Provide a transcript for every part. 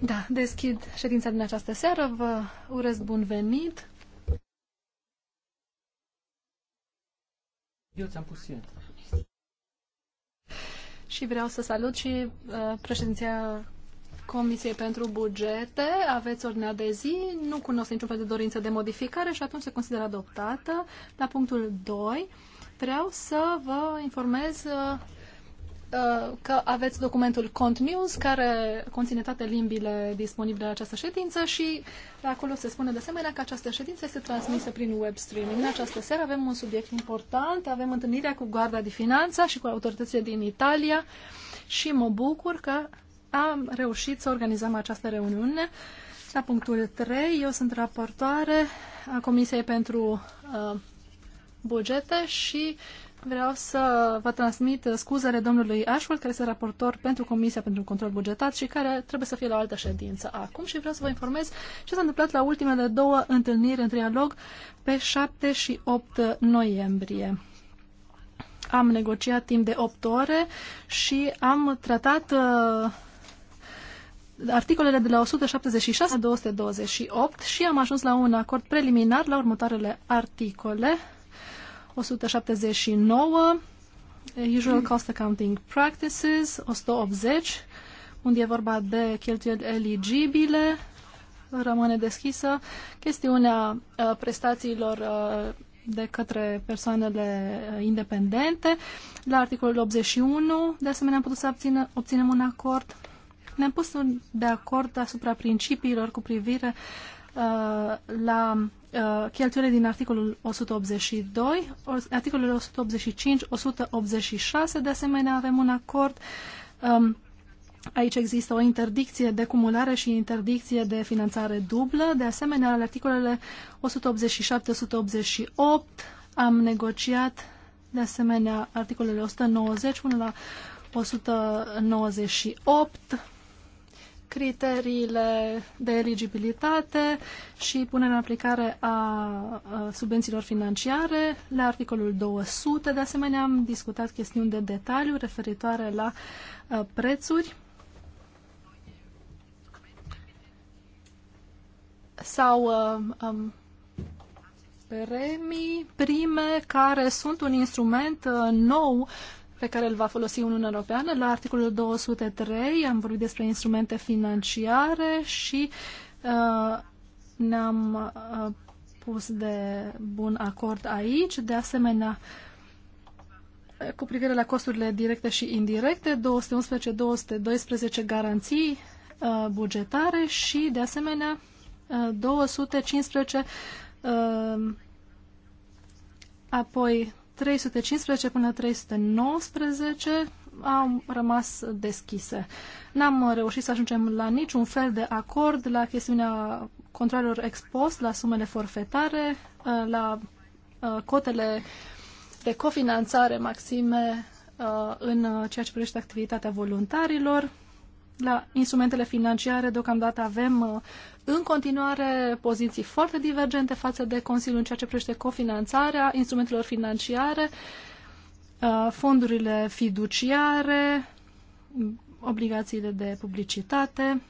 Da, deschid ședința din această seară. Vă urez bun venit. Eu ți-am pus eu. Și vreau să salut și uh, președinția Comisiei pentru Bugete. Aveți ordinea de zi, nu cunosc niciun fel de dorință de modificare și atunci se consideră adoptată. La punctul 2 vreau să vă informez uh, Uh, că aveți documentul Cont News, care conține toate limbile disponibile la această ședință și acolo se spune de asemenea că această ședință este transmisă prin web streaming. În această seară avem un subiect important, avem întâlnirea cu Guarda de finanță și cu autoritățile din Italia și mă bucur că am reușit să organizăm această reuniune. La punctul 3, eu sunt raportoare a Comisiei pentru uh, bugete și Vreau să vă transmit scuzele domnului Ashworth, care este raportor pentru Comisia pentru Control Bugetat și care trebuie să fie la o altă ședință acum și vreau să vă informez ce s-a întâmplat la ultimele două întâlniri în trialog pe 7 și 8 noiembrie. Am negociat timp de 8 ore și am tratat uh, articolele de la 176 la 228 și am ajuns la un acord preliminar la următoarele articole 179, eh, Usual Cost Accounting Practices, 180, unde e vorba de cheltuieli eligibile, rămâne deschisă chestiunea eh, prestațiilor eh, de către persoanele independente. La articolul 81, de asemenea, am putut să obține, obținem un acord. Ne-am pus de acord asupra principiilor cu privire uh, la Uh, cheltuielile din articolul 182, articolul 185, 186, de asemenea avem un acord. Um, aici există o interdicție de cumulare și interdicție de finanțare dublă. De asemenea, la articolele 187-188 am negociat de asemenea articolele 190 până la 198 criteriile de eligibilitate și punerea în aplicare a subvențiilor financiare. La articolul 200, de asemenea, am discutat chestiuni de detaliu referitoare la prețuri. sau um, premii, prime, care sunt un instrument nou pe care îl va folosi Uniunea Europeană. La articolul 203 am vorbit despre instrumente financiare și uh, ne-am uh, pus de bun acord aici. De asemenea, cu privire la costurile directe și indirecte, 211-212 garanții uh, bugetare și, de asemenea, uh, 215 uh, apoi 315 până 319 au rămas deschise. N-am reușit să ajungem la niciun fel de acord la chestiunea controlelor expost, la sumele forfetare, la uh, cotele de cofinanțare maxime uh, în ceea ce privește activitatea voluntarilor. La instrumentele financiare deocamdată avem uh, în continuare poziții foarte divergente față de Consiliul în ceea ce privește cofinanțarea instrumentelor financiare, uh, fondurile fiduciare, obligațiile de publicitate.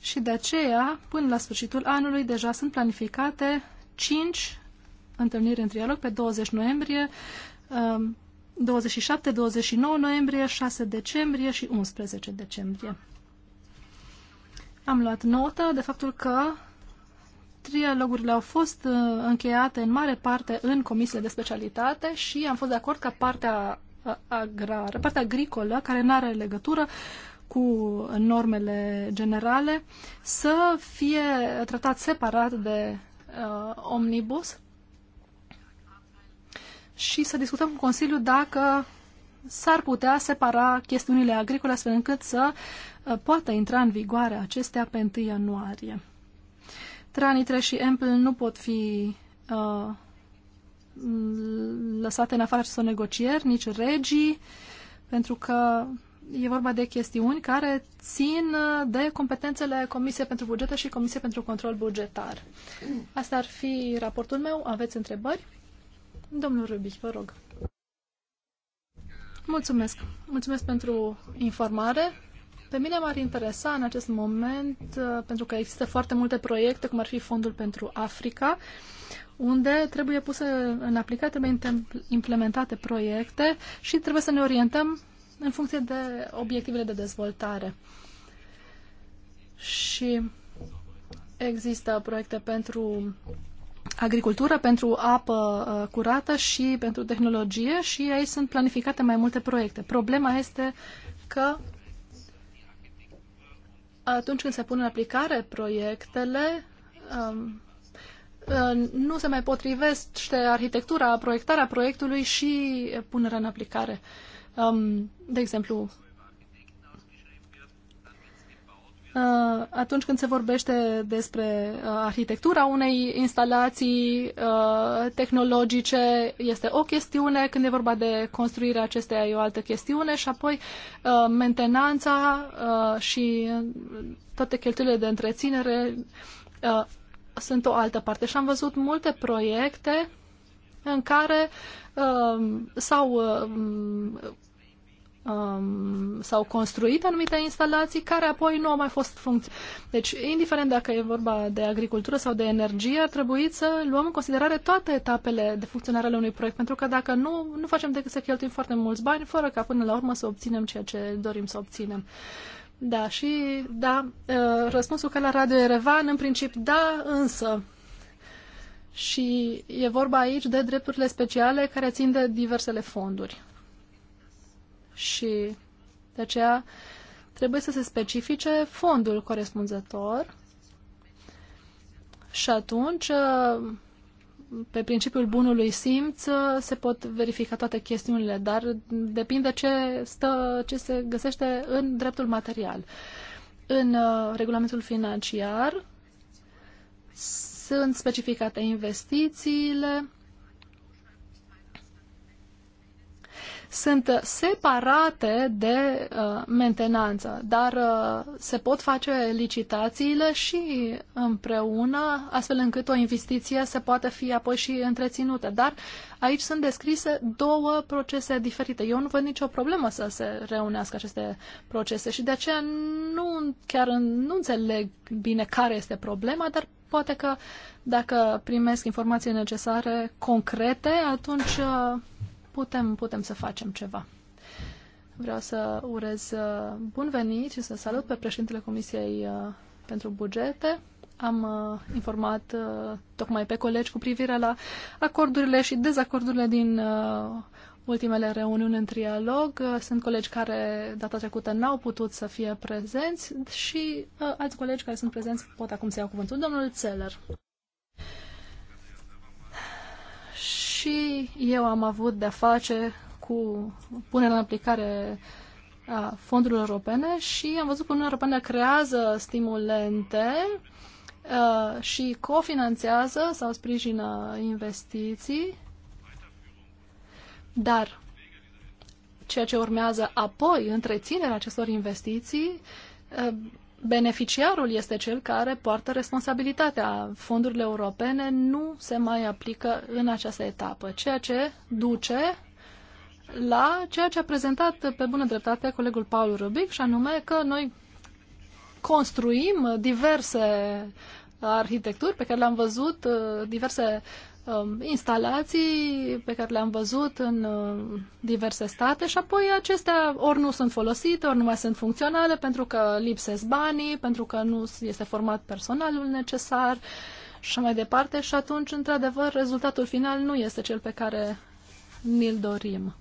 Și de aceea, până la sfârșitul anului, deja sunt planificate 5 întâlniri în trialog pe 20 noiembrie, 27, um, 29 noiembrie, 6 decembrie și 11 decembrie. Am luat notă de faptul că trialogurile au fost uh, încheiate în mare parte în comisiile de specialitate și am fost de acord ca partea uh, agrară, partea agricolă, care nu are legătură cu normele generale, să fie tratat separat de uh, omnibus și să discutăm cu Consiliul dacă s-ar putea separa chestiunile agricole astfel încât să Uh, poată intra în vigoare acestea pe 1 ianuarie. Tranitre și Ample nu pot fi uh, lăsate în afară să negocieri, nici regii, pentru că e vorba de chestiuni care țin uh, de competențele Comisiei pentru Bugete și Comisiei pentru Control Bugetar. Asta ar fi raportul meu. Aveți întrebări? Domnul Rubic, vă rog. Mulțumesc. Mulțumesc pentru informare. Pe mine m-ar interesa în acest moment, uh, pentru că există foarte multe proiecte, cum ar fi Fondul pentru Africa, unde trebuie puse în aplicare, trebuie implementate proiecte și trebuie să ne orientăm în funcție de obiectivele de dezvoltare. Și există proiecte pentru agricultură, pentru apă uh, curată și pentru tehnologie și aici sunt planificate mai multe proiecte. Problema este că atunci când se pun în aplicare proiectele, um, uh, nu se mai potrivește arhitectura, proiectarea proiectului și punerea în aplicare. Um, de exemplu, Uh, atunci când se vorbește despre uh, arhitectura unei instalații uh, tehnologice, este o chestiune, când e vorba de construirea acesteia e o altă chestiune și apoi mentenanța și toate cheltuielile de întreținere sunt o altă parte. Și am văzut multe proiecte în care s-au um, s-au construit anumite instalații care apoi nu au mai fost funcție. Deci, indiferent dacă e vorba de agricultură sau de energie, ar trebui să luăm în considerare toate etapele de funcționare ale unui proiect, pentru că dacă nu, nu facem decât să cheltuim foarte mulți bani, fără ca până la urmă să obținem ceea ce dorim să obținem. Da, și da, uh, răspunsul că la Radio Erevan, în principiu, da, însă. Și e vorba aici de drepturile speciale care țin de diversele fonduri și de aceea trebuie să se specifice fondul corespunzător și atunci, pe principiul bunului simț, se pot verifica toate chestiunile, dar depinde ce, stă, ce se găsește în dreptul material. În uh, regulamentul financiar sunt specificate investițiile, sunt separate de uh, mentenanță, dar uh, se pot face licitațiile și împreună, astfel încât o investiție se poate fi apoi și întreținută. Dar aici sunt descrise două procese diferite. Eu nu văd nicio problemă să se reunească aceste procese și de aceea nu chiar nu înțeleg bine care este problema, dar poate că dacă primesc informații necesare concrete, atunci uh, putem, putem să facem ceva. Vreau să urez uh, bun venit și să salut pe președintele Comisiei uh, pentru Bugete. Am uh, informat tocmai pe colegi cu privire la acordurile și dezacordurile din ultimele reuniuni în trialog. Sunt colegi care data trecută n-au putut să fie prezenți și alți colegi care sunt prezenți pot acum să iau cuvântul. Domnul Țeler eu am avut de-a face cu punerea în aplicare a fondurilor europene și am văzut că Uniunea Europeană creează stimulente uh, și cofinanțează sau sprijină investiții, dar ceea ce urmează apoi, întreținerea acestor investiții, uh, beneficiarul este cel care poartă responsabilitatea. Fondurile europene nu se mai aplică în această etapă, ceea ce duce la ceea ce a prezentat pe bună dreptate colegul Paul Rubic, și anume că noi construim diverse arhitecturi pe care le-am văzut, uh, diverse Um, instalații pe care le-am văzut în um, diverse state și apoi acestea ori nu sunt folosite, ori nu mai sunt funcționale pentru că lipsesc banii, pentru că nu este format personalul necesar și mai departe și atunci, într-adevăr, rezultatul final nu este cel pe care ni-l dorim.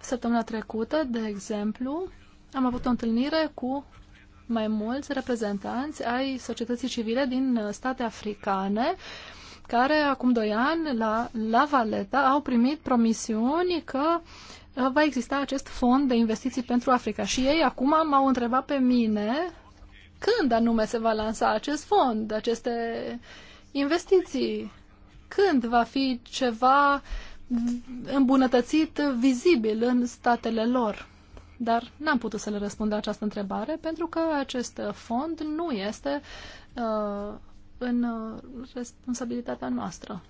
Săptămâna trecută, de exemplu, am avut o întâlnire cu mai mulți reprezentanți ai societății civile din uh, state africane uh, care acum doi ani la, la Valeta au primit promisiuni că uh, va exista acest fond de investiții pentru Africa. Și ei acum m-au întrebat pe mine când anume se va lansa acest fond, aceste investiții, când va fi ceva îmbunătățit vizibil în statele lor. Dar n-am putut să le răspund la această întrebare pentru că acest fond nu este uh, în uh, responsabilitatea noastră.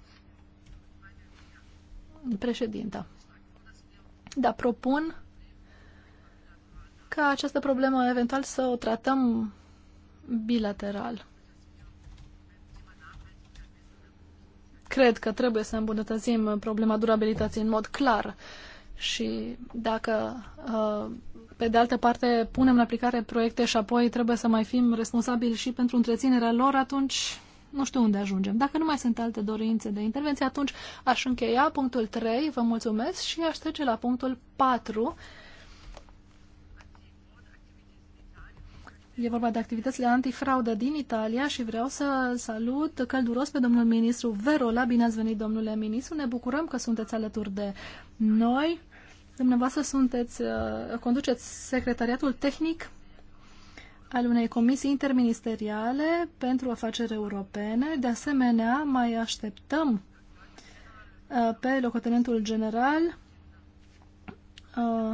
Președinta. Da, propun ca această problemă eventual să o tratăm bilateral. Cred că trebuie să îmbunătățim problema durabilității în mod clar. Uh, și dacă, uh, pe de altă parte, punem în aplicare proiecte și apoi trebuie să mai fim responsabili și pentru întreținerea lor, atunci nu știu unde ajungem. Dacă nu mai sunt alte dorințe de intervenție, atunci aș încheia punctul 3, vă mulțumesc, și aș trece la punctul 4. E vorba de activitățile antifraudă din Italia și vreau să salut călduros pe domnul ministru Verola. Bine ați venit, domnule ministru. Ne bucurăm că sunteți alături de noi. Dumneavoastră sunteți, uh, conduceți secretariatul tehnic al unei comisii interministeriale pentru afaceri europene. De asemenea, mai așteptăm uh, pe locotenentul general uh,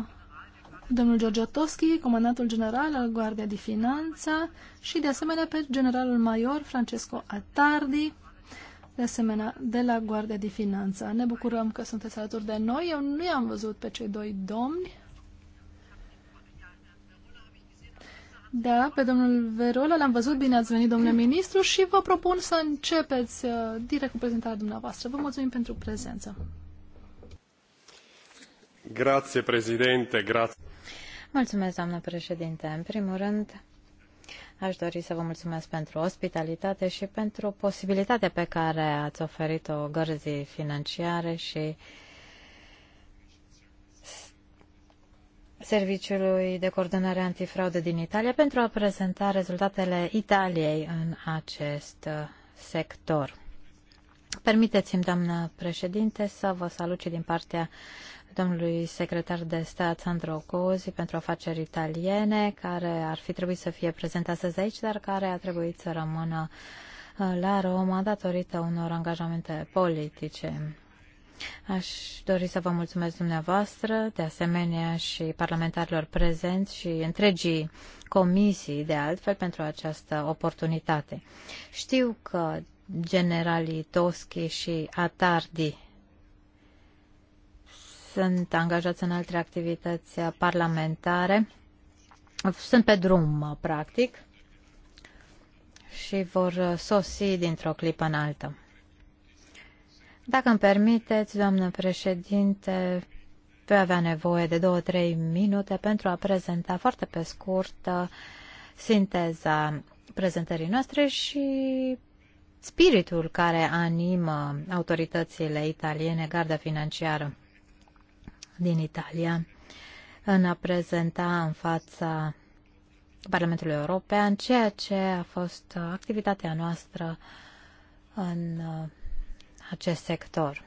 domnul Georgiatovski, comandantul general al Guardia de Finanța și de asemenea pe generalul major Francesco Attardi, de asemenea, de la Guardia de Finanță. Ne bucurăm că sunteți alături de noi. Eu nu i-am văzut pe cei doi domni. Da, pe domnul Verola l-am văzut. Bine ați venit, domnule ministru, și vă propun să începeți uh, direct cu prezentarea dumneavoastră. Vă mulțumim pentru prezență. Grație, președinte. Grație. Mulțumesc, doamnă președinte. În primul rând, Aș dori să vă mulțumesc pentru ospitalitate și pentru posibilitatea pe care ați oferit-o gărzii financiare și Serviciului de Coordonare Antifraudă din Italia pentru a prezenta rezultatele Italiei în acest uh, sector. Permiteți-mi, doamnă președinte, să vă salut și din partea domnului secretar de stat Sandro Cozi pentru afaceri italiene, care ar fi trebuit să fie prezent astăzi aici, dar care a trebuit să rămână uh, la Roma datorită unor angajamente politice. Aș dori să vă mulțumesc dumneavoastră, de asemenea și parlamentarilor prezenți și întregii comisii, de altfel, pentru această oportunitate. Știu că generalii Toschi și Atardi sunt angajați în alte activități parlamentare. Sunt pe drum, practic, și vor sosi dintr-o clipă în alta. Dacă îmi permiteți, doamnă președinte, voi avea nevoie de două-trei minute pentru a prezenta foarte pe scurt uh, sinteza prezentării noastre și spiritul care animă autoritățile italiene garda financiară din Italia în a prezenta în fața Parlamentului European ceea ce a fost activitatea noastră în uh, acest sector.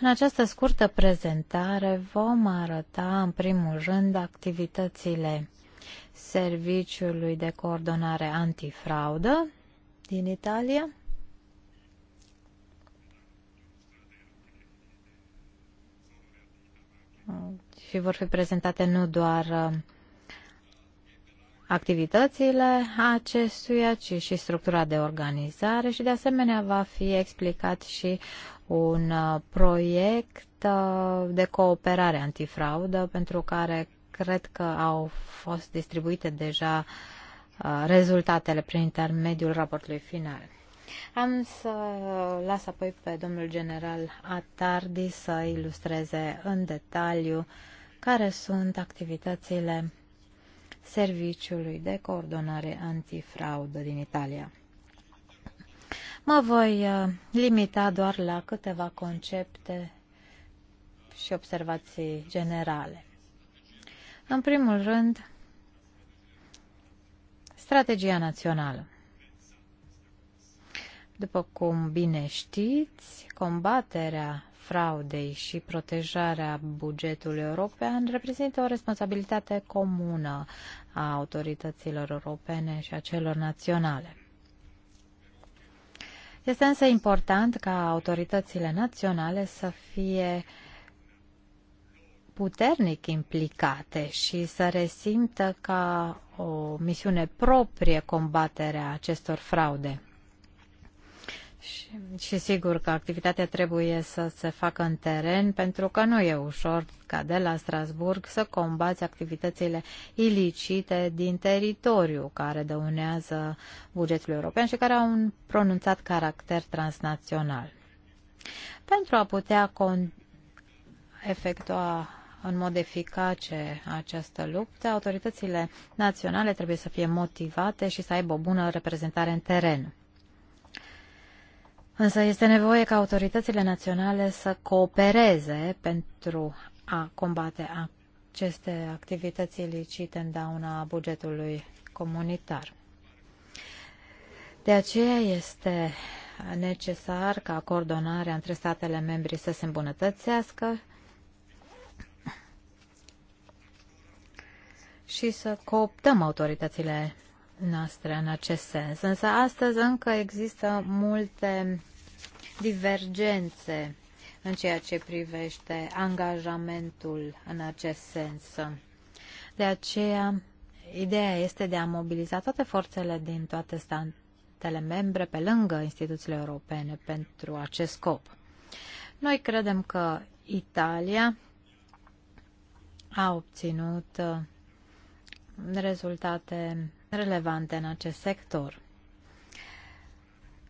În această scurtă prezentare vom arăta în primul rând activitățile Serviciului de Coordonare Antifraudă din Italia, Uh, și vor fi prezentate nu doar uh, activitățile acestuia, ci și structura de organizare și de asemenea va fi explicat și un uh, proiect de cooperare antifraudă pentru care cred că au fost distribuite deja rezultatele prin intermediul raportului final. Am să las apoi pe domnul general Atardi să ilustreze în detaliu care sunt activitățile Serviciului de Coordonare Antifraudă din Italia. Mă voi uh, limita doar la câteva concepte și observații generale. În primul rând, strategia națională. După cum bine știți, combaterea fraudei și protejarea bugetului european reprezintă o responsabilitate comună a autorităților europene și a celor naționale. Este însă important ca autoritățile naționale să fie puternic implicate și să resimtă ca o misiune proprie combaterea acestor fraude. Și, și sigur că activitatea trebuie să se facă în teren, pentru că nu e ușor ca de la Strasburg să combați activitățile ilicite din teritoriu care dăunează bugetul european și care au un pronunțat caracter transnațional. Pentru a putea efectua în mod eficace această luptă, autoritățile naționale trebuie să fie motivate și să aibă o bună reprezentare în teren. Însă este nevoie ca autoritățile naționale să coopereze pentru a combate aceste activități ilicite în dauna bugetului comunitar. De aceea este necesar ca coordonarea între statele membri să se îmbunătățească și să cooptăm autoritățile noastre în acest sens. Însă astăzi încă există multe divergențe în ceea ce privește angajamentul în acest sens. De aceea, ideea este de a mobiliza toate forțele din toate statele membre pe lângă instituțiile europene pentru acest scop. Noi credem că Italia a obținut uh, rezultate relevante în acest sector.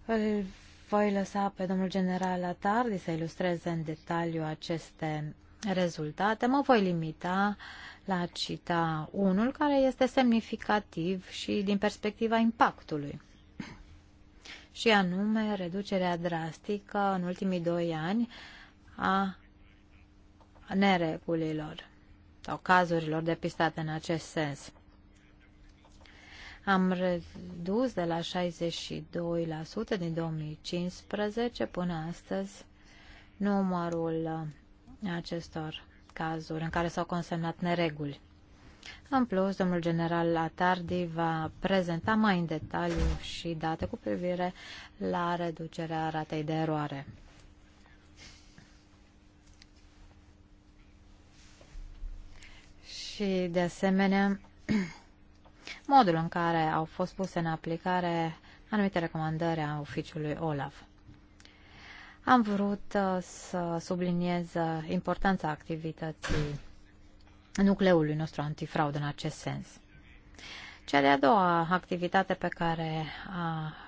Îl voi lăsa pe domnul general Atardi să ilustreze în detaliu aceste rezultate. Mă voi limita la a cita unul care este semnificativ și din perspectiva impactului și anume reducerea drastică în ultimii doi ani a neregulilor sau cazurilor depistate în acest sens. Am redus de la 62% din 2015 până astăzi numărul uh, acestor cazuri în care s-au consemnat nereguli. În plus, domnul general Atardi va prezenta mai în detaliu și date cu privire la reducerea ratei de eroare. Și, de asemenea, modul în care au fost puse în aplicare anumite recomandări a oficiului OLAF. Am vrut uh, să subliniez uh, importanța activității nucleului nostru antifraud în acest sens. Cea de-a doua activitate pe care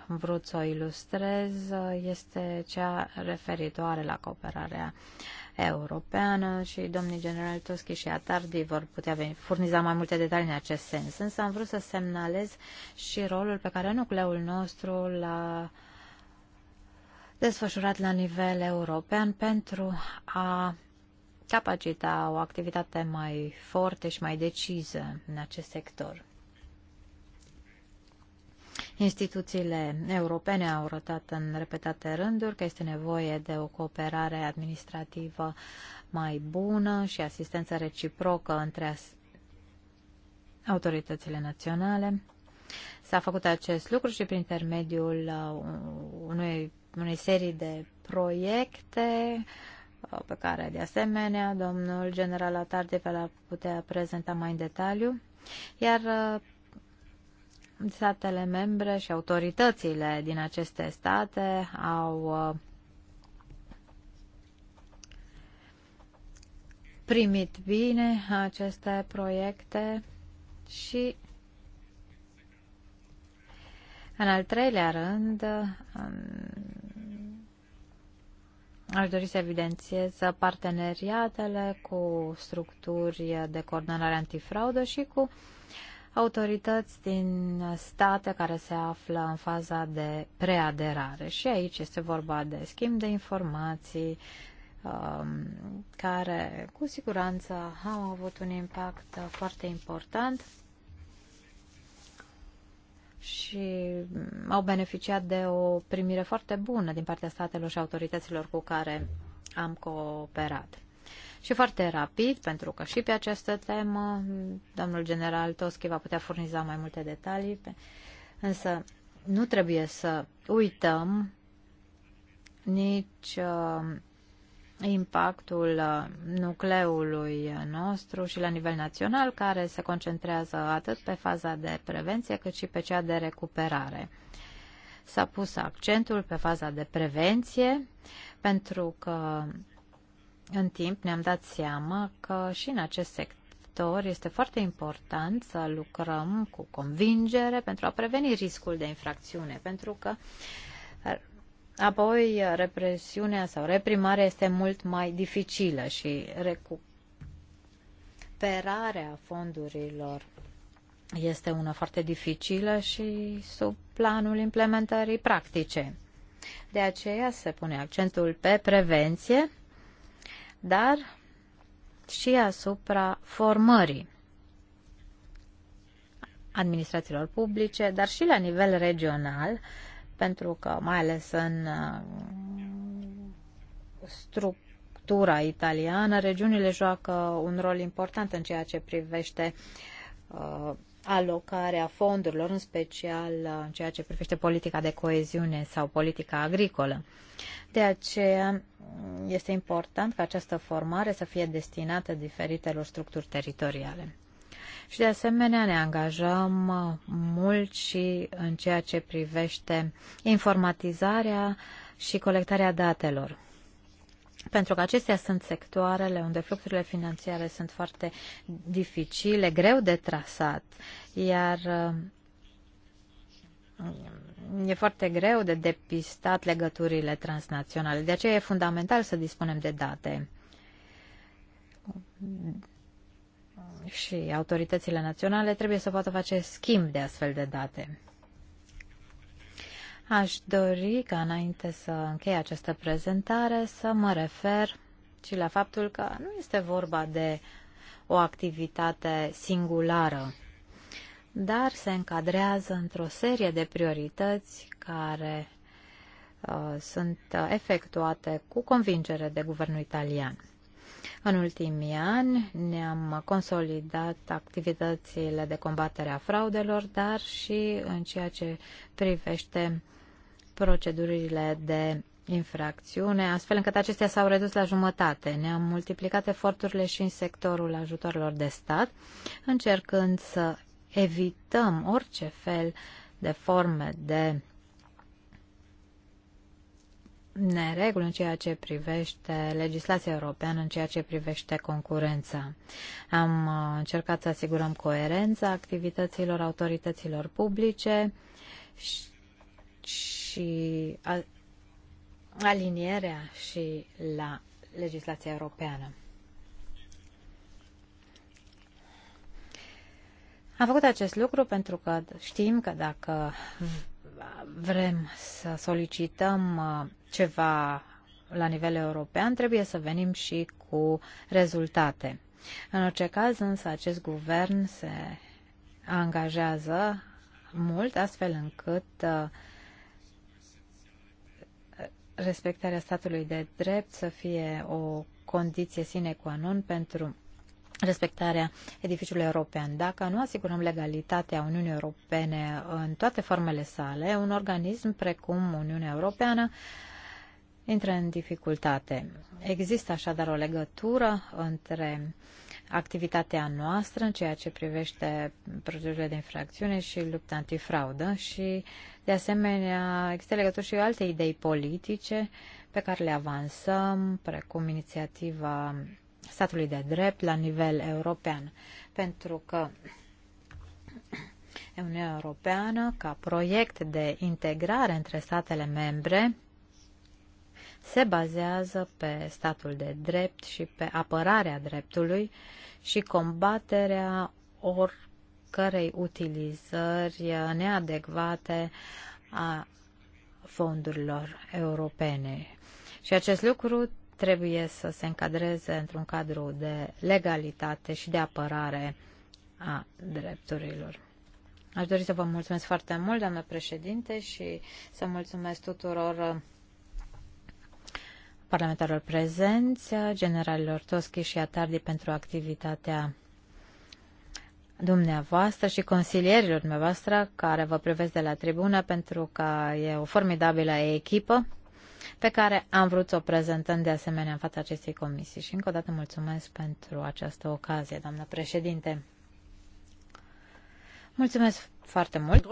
am vrut să o ilustrez uh, este cea referitoare la cooperarea uh, europeană și domnii general Toschi și Atardi vor putea veni, furniza mai multe detalii în acest sens. Însă am vrut să semnalez și rolul pe care nucleul nostru l-a desfășurat la nivel european pentru a capacita o activitate mai forte și mai decisă în acest sector. Instituțiile europene au arătat în repetate rânduri că este nevoie de o cooperare administrativă mai bună și asistență reciprocă între autoritățile naționale. S-a făcut acest lucru și prin intermediul uh, unei, unei serii de proiecte uh, pe care, de asemenea, domnul general Atardi va putea prezenta mai în detaliu. Iar uh, statele membre și autoritățile din aceste state au uh, primit bine aceste proiecte și în al treilea rând Aș dori să evidențiez parteneriatele cu structuri de coordonare antifraudă și cu autorități din state care se află în faza de preaderare. Și aici este vorba de schimb de informații, um, care cu siguranță au avut un impact foarte important și au beneficiat de o primire foarte bună din partea statelor și autorităților cu care am cooperat. Și foarte rapid, pentru că și pe această temă domnul general Toschi va putea furniza mai multe detalii, însă nu trebuie să uităm nici uh, impactul uh, nucleului nostru și la nivel național, care se concentrează atât pe faza de prevenție cât și pe cea de recuperare. S-a pus accentul pe faza de prevenție pentru că în timp ne-am dat seama că și în acest sector este foarte important să lucrăm cu convingere pentru a preveni riscul de infracțiune, pentru că apoi represiunea sau reprimarea este mult mai dificilă și recuperarea fondurilor este una foarte dificilă și sub planul implementării practice. De aceea se pune accentul pe prevenție dar și asupra formării administrațiilor publice, dar și la nivel regional, pentru că mai ales în uh, structura italiană, regiunile joacă un rol important în ceea ce privește uh, alocarea fondurilor, în special uh, în ceea ce privește politica de coeziune sau politica agricolă. De aceea mm, este important ca această formare să fie destinată diferitelor structuri teritoriale. Și de asemenea ne angajăm uh, mult și în ceea ce privește informatizarea și colectarea datelor pentru că acestea sunt sectoarele unde fluxurile financiare sunt foarte dificile, greu de trasat, iar uh, e foarte greu de depistat legăturile transnaționale. De aceea e fundamental să dispunem de date. Și autoritățile naționale trebuie să poată face schimb de astfel de date. Aș dori ca înainte să închei această prezentare să mă refer și la faptul că nu este vorba de o activitate singulară, dar se încadrează într-o serie de priorități care uh, sunt uh, efectuate cu convingere de guvernul italian. În ultimii ani ne-am consolidat activitățile de combatere a fraudelor, dar și în ceea ce privește procedurile de infracțiune, astfel încât acestea s-au redus la jumătate. Ne-am multiplicat eforturile și în sectorul ajutoarelor de stat, încercând să evităm orice fel de forme de nereguli în ceea ce privește legislația europeană, în ceea ce privește concurența. Am uh, încercat să asigurăm coerența activităților autorităților publice și, alinierea și la legislația europeană. Am făcut acest lucru pentru că știm că dacă vrem să solicităm uh, ceva la nivel european, trebuie să venim și cu rezultate. În orice caz, însă, acest guvern se angajează mult, astfel încât uh, respectarea statului de drept să fie o condiție sine qua non pentru respectarea edificiului european. Dacă nu asigurăm legalitatea Uniunii Europene în toate formele sale, un organism precum Uniunea Europeană intră în dificultate. Există așadar o legătură între activitatea noastră în ceea ce privește procedurile de infracțiune și lupta antifraudă și, de asemenea, există legături și alte idei politice pe care le avansăm, precum inițiativa statului de drept la nivel european. Pentru că Uniunea Europeană, ca proiect de integrare între statele membre, se bazează pe statul de drept și pe apărarea dreptului și combaterea oricărei utilizări neadecvate a fondurilor europene. Și acest lucru trebuie să se încadreze într-un cadru de legalitate și de apărare a drepturilor. Aș dori să vă mulțumesc foarte mult, doamnă președinte, și să mulțumesc tuturor uh, parlamentarilor prezenți, generalilor Toschi și Atardi pentru activitatea dumneavoastră și consilierilor dumneavoastră care vă privesc de la tribună pentru că e o formidabilă echipă pe care am vrut să o prezentăm de asemenea în fața acestei comisii. Și încă o dată mulțumesc pentru această ocazie, doamnă președinte. Mulțumesc foarte mult.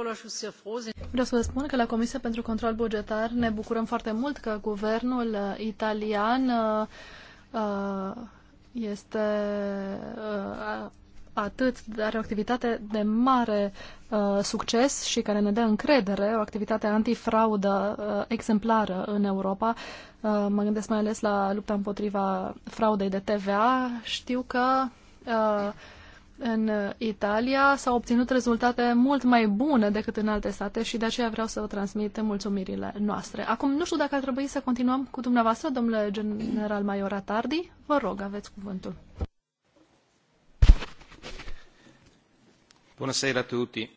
Vreau să vă spun că la Comisia pentru Control Bugetar ne bucurăm foarte mult că guvernul italian uh, uh, este uh, atât, dar o activitate de mare uh, succes și care ne dă încredere, o activitate antifraudă uh, exemplară în Europa. Uh, mă gândesc mai ales la lupta împotriva fraudei de TVA. Știu că uh, în Italia s-au obținut rezultate mult mai bune decât în alte state și de aceea vreau să vă transmit mulțumirile noastre. Acum, nu știu dacă ar trebui să continuăm cu dumneavoastră, domnule general Maior Atardi. Vă rog, aveți cuvântul. Bună seara tutti!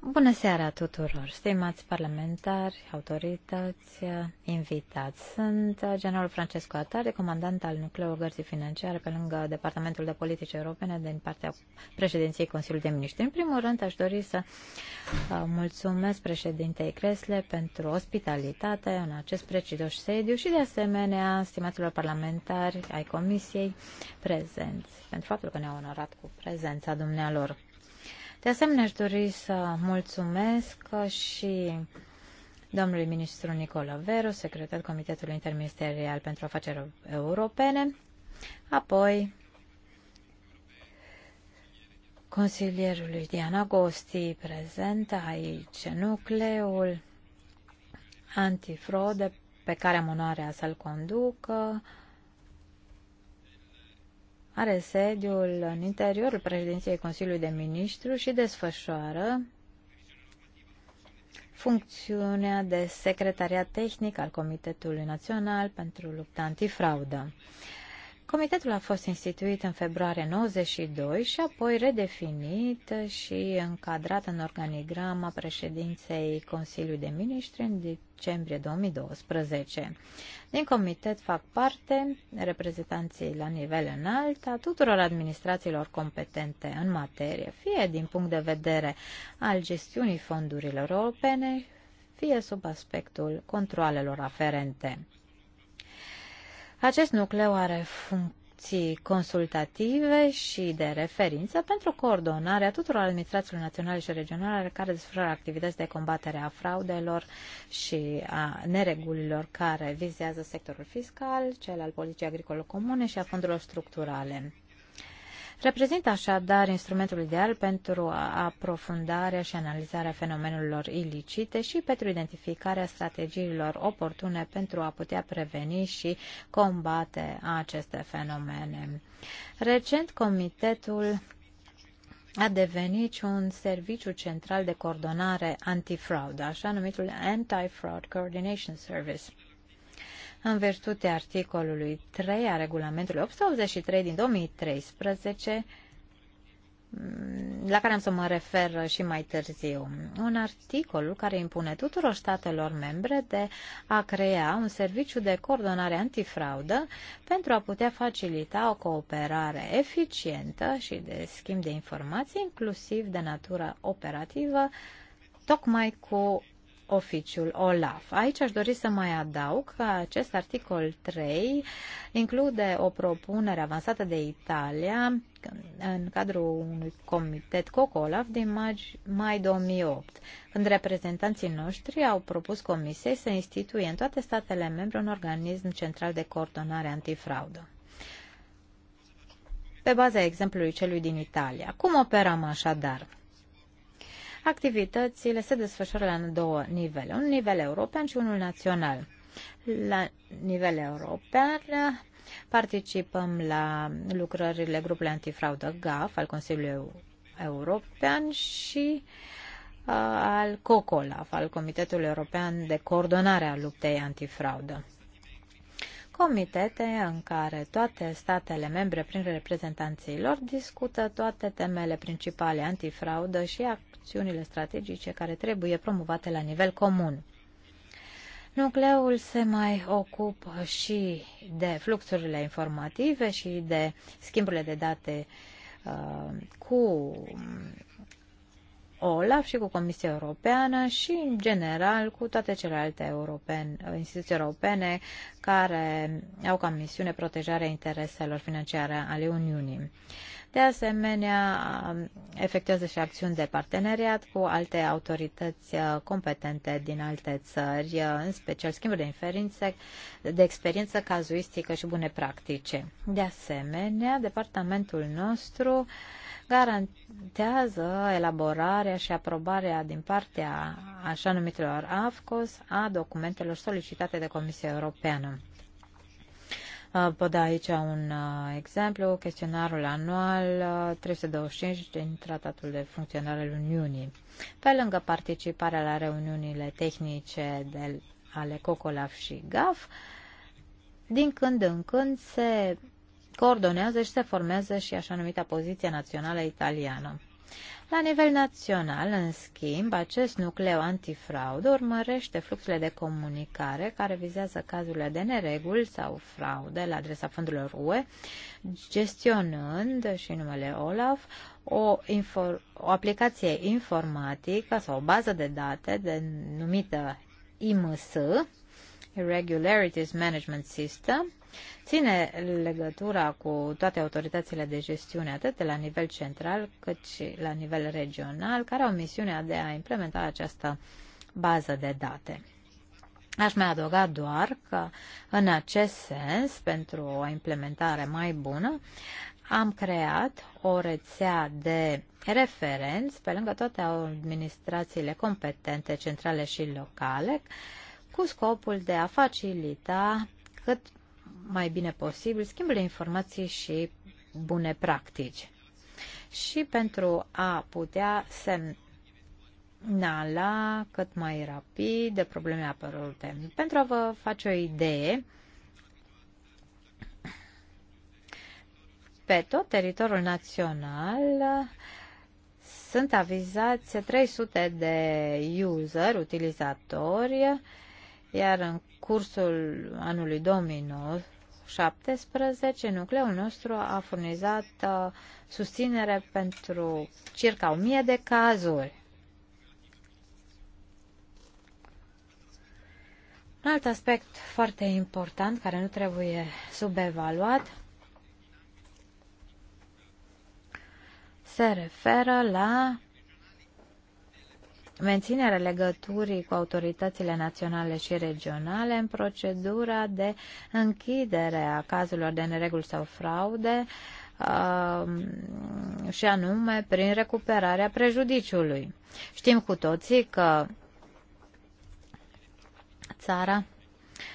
Bună seara tuturor, stimați parlamentari, autorități, invitați. Sunt generalul Francesco Atare, comandant al Nucleului Gărzii Financiare pe lângă Departamentul de Politici Europene din partea președinției Consiliului de Miniștri. În primul rând aș dori să uh, mulțumesc președintei Cresle pentru ospitalitate în acest precidoș sediu și de asemenea stimaților parlamentari ai Comisiei prezenți pentru faptul că ne-au onorat cu prezența dumnealor. De asemenea, aș dori să mulțumesc și domnului ministru Nicola Vero, secretar Comitetului Interministerial pentru Afaceri Europene, apoi consilierului Diana Gosti, prezent aici nucleul antifraude pe care am onoarea să-l conducă, are sediul în interiorul președinției Consiliului de Ministru și desfășoară funcțiunea de secretariat tehnic al Comitetului Național pentru Lupta Antifraudă. Comitetul a fost instituit în februarie 92 și apoi redefinit și încadrat în organigrama președinței Consiliului de Ministri în decembrie 2012. Din comitet fac parte reprezentanții la nivel înalt a tuturor administrațiilor competente în materie, fie din punct de vedere al gestiunii fondurilor europene, fie sub aspectul controalelor aferente. Acest nucleu are funcții consultative și de referință pentru coordonarea tuturor administrațiilor naționale și regionale care desfășoară activități de combatere a fraudelor și a neregulilor care vizează sectorul fiscal, cel al Poliției Agricole Comune și a fondurilor structurale. Reprezintă așadar instrumentul ideal pentru aprofundarea și analizarea fenomenelor ilicite și pentru identificarea strategiilor oportune pentru a putea preveni și combate aceste fenomene. Recent, Comitetul a devenit un serviciu central de coordonare antifraud, așa numitul Anti-Fraud Coordination Service în virtute articolului 3 a regulamentului 883 din 2013, la care am să mă refer și mai târziu. Un articol care impune tuturor statelor membre de a crea un serviciu de coordonare antifraudă pentru a putea facilita o cooperare eficientă și de schimb de informații, inclusiv de natură operativă, tocmai cu oficiul OLAF. Aici aș dori să mai adaug că acest articol 3 include o propunere avansată de Italia în cadrul unui comitet COCOLAF din mai 2008, când reprezentanții noștri au propus Comisiei să instituie în toate statele membre un organism central de coordonare antifraudă pe baza exemplului celui din Italia. Cum operăm așadar? activitățile se desfășoară la două nivele, un nivel european și unul național. La nivel european participăm la lucrările grupului antifraudă GAF al Consiliului European și uh, al COCOLAF, al Comitetului European de Coordonare a Luptei Antifraudă comitete în care toate statele membre prin reprezentanții lor discută toate temele principale antifraudă și a opțiunile strategice care trebuie promovate la nivel comun. Nucleul se mai ocupă și de fluxurile informative și de schimburile de date uh, cu OLAF și cu Comisia Europeană și, în general, cu toate celelalte europene, uh, instituții europene care au ca misiune protejarea intereselor financiare ale Uniunii. De asemenea, efectuează și acțiuni de parteneriat cu alte autorități uh, competente din alte țări, uh, în special schimburi de inferințe, de experiență cazuistică și bune practice. De asemenea, departamentul nostru garantează elaborarea și aprobarea din partea așa numitelor AFCOS a documentelor solicitate de Comisia Europeană. Vă uh, da aici un uh, exemplu, chestionarul anual 325 uh, din Tratatul de Funcționare al Uniunii. Pe lângă participarea la reuniunile tehnice de, ale COCOLAF și GAF, din când în când se coordonează și se formează și așa numita poziție națională italiană. La nivel național, în schimb, acest nucleu antifraudă urmărește fluxurile de comunicare care vizează cazurile de nereguli sau fraude la adresa fondurilor UE, gestionând și numele OLAF o, o aplicație informatică sau o bază de date denumită IMS, Irregularities Management System ține legătura cu toate autoritățile de gestiune, atât de la nivel central cât și la nivel regional, care au misiunea de a implementa această bază de date. Aș mai adăuga doar că, în acest sens, pentru o implementare mai bună, am creat o rețea de referenți pe lângă toate administrațiile competente, centrale și locale, cu scopul de a facilita cât mai bine posibil schimbul de informații și bune practici. Și pentru a putea semnala cât mai rapid de probleme apărute. Pentru a vă face o idee, pe tot teritoriul național sunt avizați 300 de user, utilizatori, iar în cursul anului 2017, nucleul nostru a furnizat uh, susținere pentru circa 1000 de cazuri. Un alt aspect foarte important care nu trebuie subevaluat se referă la menținerea legăturii cu autoritățile naționale și regionale în procedura de închidere a cazurilor de nereguli sau fraude um, și anume prin recuperarea prejudiciului. Știm cu toții că țara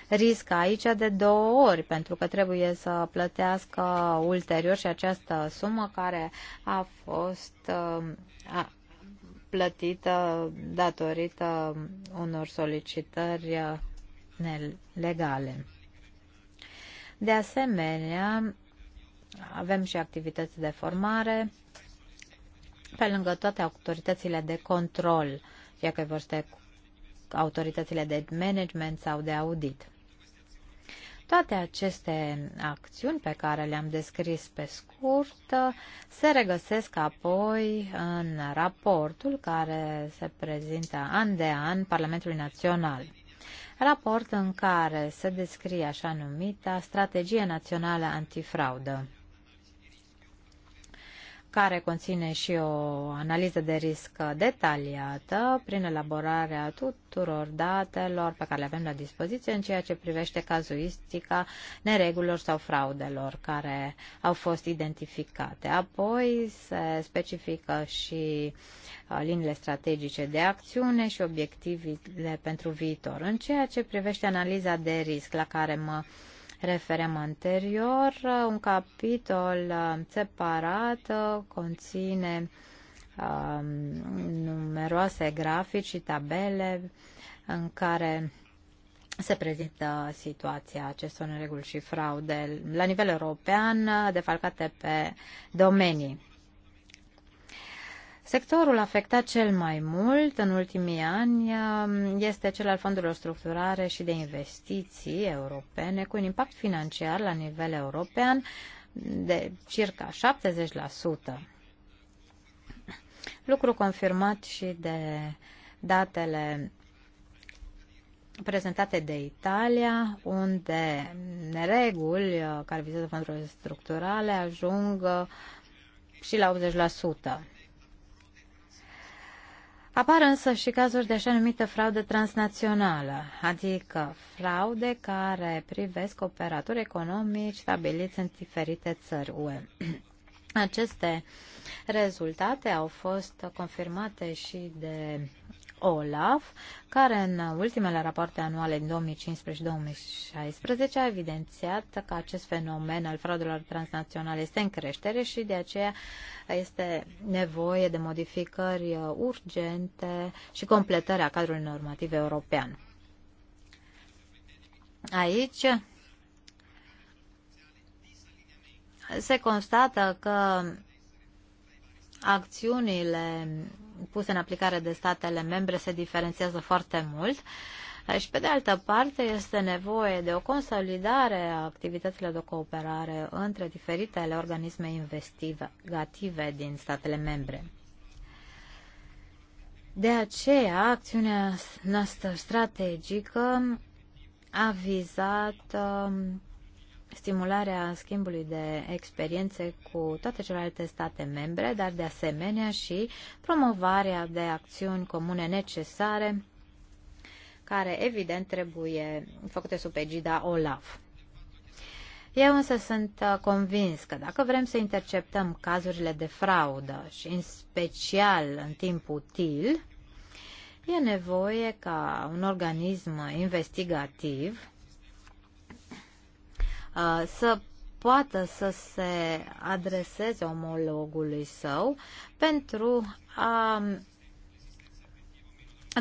riscă aici de două ori, pentru că trebuie să plătească ulterior și această sumă care a fost um, a, plătită datorită unor solicitări legale. De asemenea, avem și activități de formare pe lângă toate autoritățile de control, fie că vor autoritățile de management sau de audit. Toate aceste acțiuni pe care le-am descris pe scurt uh, se regăsesc apoi în raportul care se prezintă an de an Parlamentului Național raport în care se descrie așa numita Strategie Națională Antifraudă care conține și o analiză de risc detaliată prin elaborarea tuturor datelor pe care le avem la dispoziție în ceea ce privește cazuistica neregulilor sau fraudelor care au fost identificate. Apoi se specifică și uh, liniile strategice de acțiune și obiectivele pentru viitor. În ceea ce privește analiza de risc la care mă referem anterior. Un capitol uh, separat uh, conține um, numeroase grafici și tabele în care se prezintă situația acestor nereguli și fraude la nivel european, uh, defalcate pe domenii. Sectorul afectat cel mai mult în ultimii ani um, este cel al fondurilor structurare și de investiții europene, cu un impact financiar la nivel european de circa 70%. Lucru confirmat și de datele prezentate de Italia, unde nereguli uh, care vizează fondurile structurale ajung uh, și la 80%. Apar însă și cazuri de așa numită fraudă transnațională, adică fraude care privesc operatori economici stabiliți în diferite țări UE. Aceste rezultate au fost confirmate și de OLAF, care în ultimele rapoarte anuale din 2015 2016 a evidențiat că acest fenomen al fraudelor transnaționale este în creștere și de aceea este nevoie de modificări urgente și completarea cadrului normativ european. Aici se constată că acțiunile puse în aplicare de statele membre se diferențiază foarte mult. Eh, și pe de altă parte este nevoie de o consolidare a activităților de cooperare între diferitele organisme investigative din statele membre. De aceea, acțiunea noastră strategică a vizat um, stimularea schimbului de experiențe cu toate celelalte state membre, dar de asemenea și promovarea de acțiuni comune necesare, care evident trebuie făcute sub egida OLAF. Eu însă sunt uh, convins că dacă vrem să interceptăm cazurile de fraudă și în special în timp util, e nevoie ca un organism investigativ Uh, să poată să se adreseze omologului său pentru a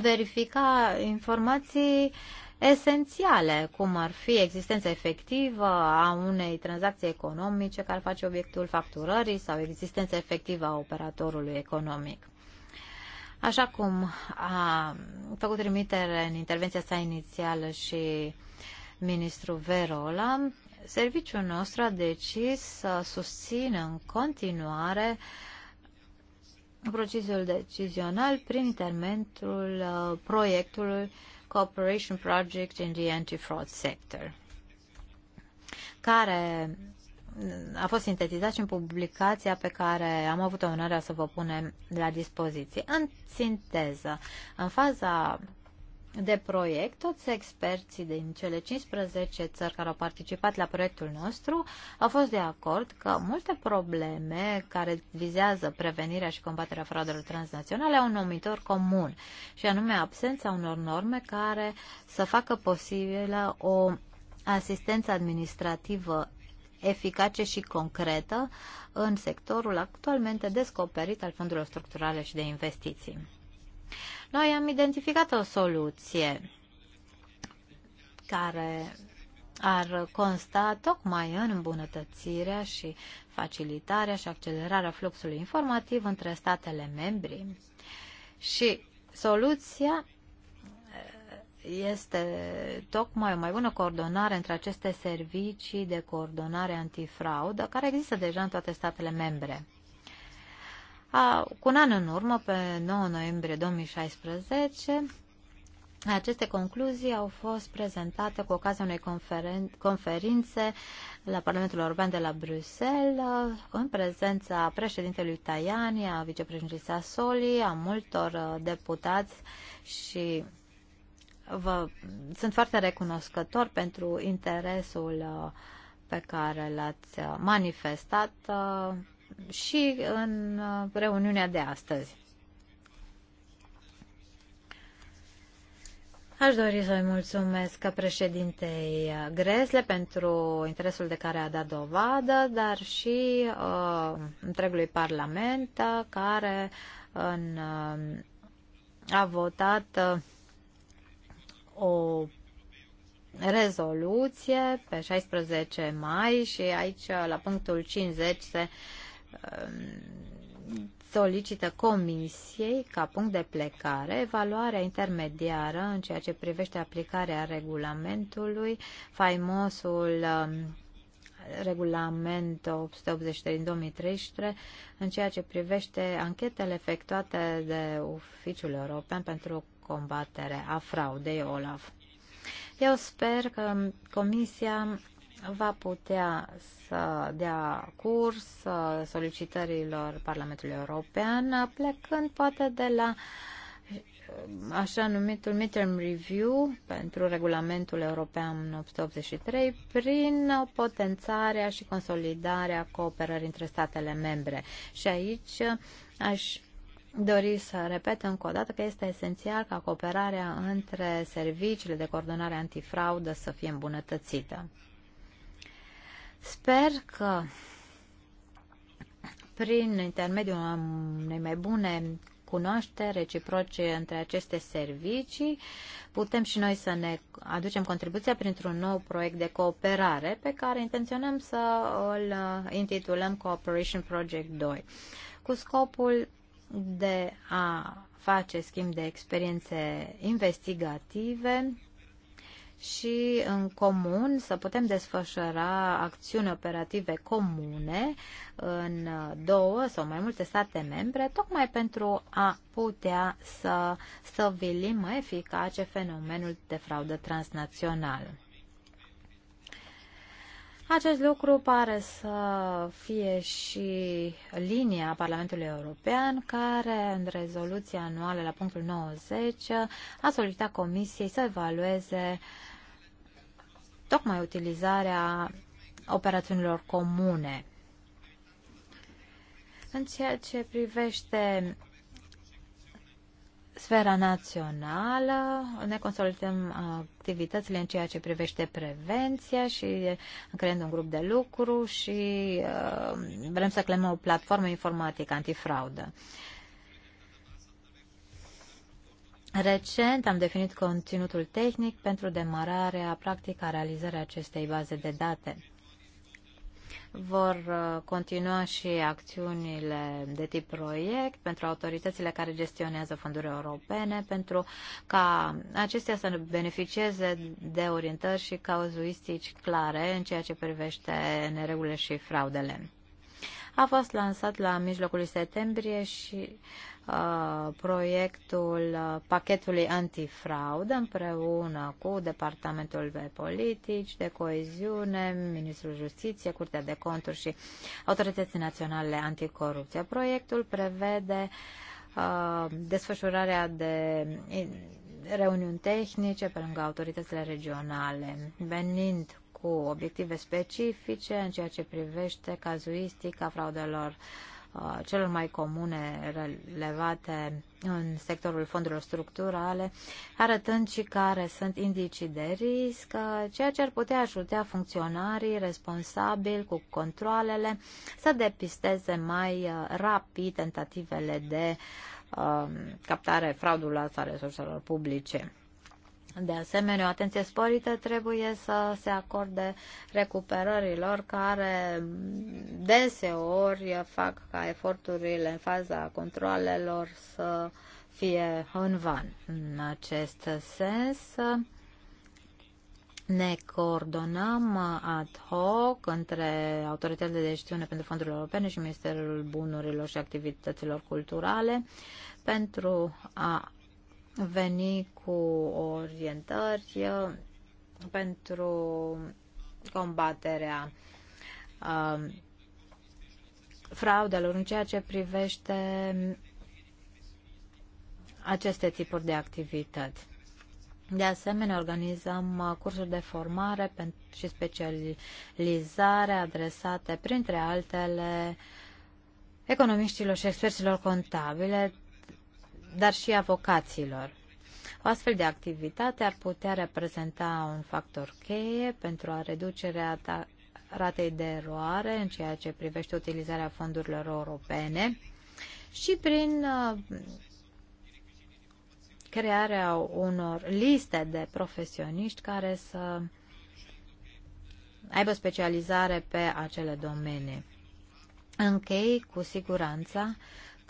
verifica informații esențiale, cum ar fi existența efectivă a unei tranzacții economice care face obiectul facturării sau existența efectivă a operatorului economic. Așa cum a făcut trimitere în intervenția sa inițială și ministrul Verola, Serviciul nostru a decis să susțină în continuare procesul decizional prin intermediul uh, proiectului Cooperation Project in the Anti-Fraud Sector, care uh, a fost sintetizat și în publicația pe care am avut onoarea să vă punem la dispoziție. În sinteză, în faza de proiect, toți experții din cele 15 țări care au participat la proiectul nostru au fost de acord că multe probleme care vizează prevenirea și combaterea fraudelor transnaționale au un numitor comun, și anume absența unor norme care să facă posibilă o asistență administrativă eficace și concretă în sectorul actualmente descoperit al fondurilor structurale și de investiții. Noi am identificat o soluție care ar consta tocmai în îmbunătățirea și facilitarea și accelerarea fluxului informativ între statele membri. Și soluția eh, este tocmai o mai bună coordonare între aceste servicii de coordonare antifraudă care există deja în toate statele membre. A, cu un an în urmă, pe 9 noiembrie 2016, aceste concluzii au fost prezentate cu ocazia unei conferen- conferințe la Parlamentul European de la Bruxelles, în prezența președintelui Tajani, a vicepreședintelui Sassoli, a multor uh, deputați și vă, sunt foarte recunoscător pentru interesul uh, pe care l-ați uh, manifestat și în uh, reuniunea de astăzi. Aș dori să-i mulțumesc președintei Gresle pentru interesul de care a dat dovadă, dar și uh, întregului Parlament uh, care în, uh, a votat uh, o rezoluție pe 16 mai și aici la punctul 50 se uh, solicită Comisiei ca punct de plecare evaluarea intermediară în ceea ce privește aplicarea regulamentului, faimosul um, regulament 883 din 2013 în ceea ce privește anchetele efectuate de Oficiul European pentru combaterea fraudei OLAF. Eu sper că Comisia va putea să dea curs uh, solicitărilor Parlamentului European, uh, plecând poate de la uh, așa numitul midterm review pentru regulamentul european 883 prin potențarea și consolidarea cooperării între statele membre. Și aici aș dori să repet încă o dată că este esențial ca cooperarea între serviciile de coordonare antifraudă să fie îmbunătățită. Sper că prin intermediul unei mai bune cunoaștere reciproce între aceste servicii, putem și noi să ne aducem contribuția printr-un nou proiect de cooperare pe care intenționăm să îl intitulăm Cooperation Project 2, cu scopul de a face schimb de experiențe investigative și în comun să putem desfășura acțiuni operative comune în două sau mai multe state membre, tocmai pentru a putea să stăvilim mai eficace fenomenul de fraudă transnațională. Acest lucru pare să fie și linia Parlamentului European, care în rezoluția anuală la punctul 90 a solicitat Comisiei să evalueze tocmai utilizarea operațiunilor comune. În ceea ce privește sfera națională, ne consolidăm activitățile în ceea ce privește prevenția și creând un grup de lucru și vrem să creăm o platformă informatică antifraudă. Recent am definit conținutul tehnic pentru demararea practică a realizării acestei baze de date vor uh, continua și acțiunile de tip proiect pentru autoritățile care gestionează fonduri europene, pentru ca acestea să beneficieze de orientări și cauzuistici clare în ceea ce privește neregulile și fraudele a fost lansat la mijlocul septembrie și uh, proiectul uh, pachetului antifraud împreună cu Departamentul de Politici, de Coeziune, Ministrul Justiție, Curtea de Conturi și Autorității Naționale Anticorupție. Proiectul prevede uh, desfășurarea de reuniuni tehnice pe lângă autoritățile regionale, venind cu obiective specifice în ceea ce privește cazuistica fraudelor uh, celor mai comune relevate în sectorul fondurilor structurale, arătând și care sunt indicii de risc, uh, ceea ce ar putea ajuta funcționarii responsabili cu controlele să depisteze mai uh, rapid tentativele de captare frauduloasă a resurselor publice. De asemenea, o atenție sporită trebuie să se acorde recuperărilor care deseori fac ca eforturile în faza controlelor să fie în van. În acest sens, ne coordonăm ad hoc între autoritățile de gestiune pentru fondurile europene și Ministerul Bunurilor și Activităților Culturale pentru a veni cu orientări pentru combaterea uh, fraudelor în ceea ce privește aceste tipuri de activități. De asemenea, organizăm cursuri de formare și specializare adresate, printre altele, economiștilor și experților contabile dar și avocaților. O astfel de activitate ar putea reprezenta un factor cheie pentru a reduce ratei de eroare în ceea ce privește utilizarea fondurilor europene și prin uh, crearea unor liste de profesioniști care să aibă specializare pe acele domenii. Închei cu siguranța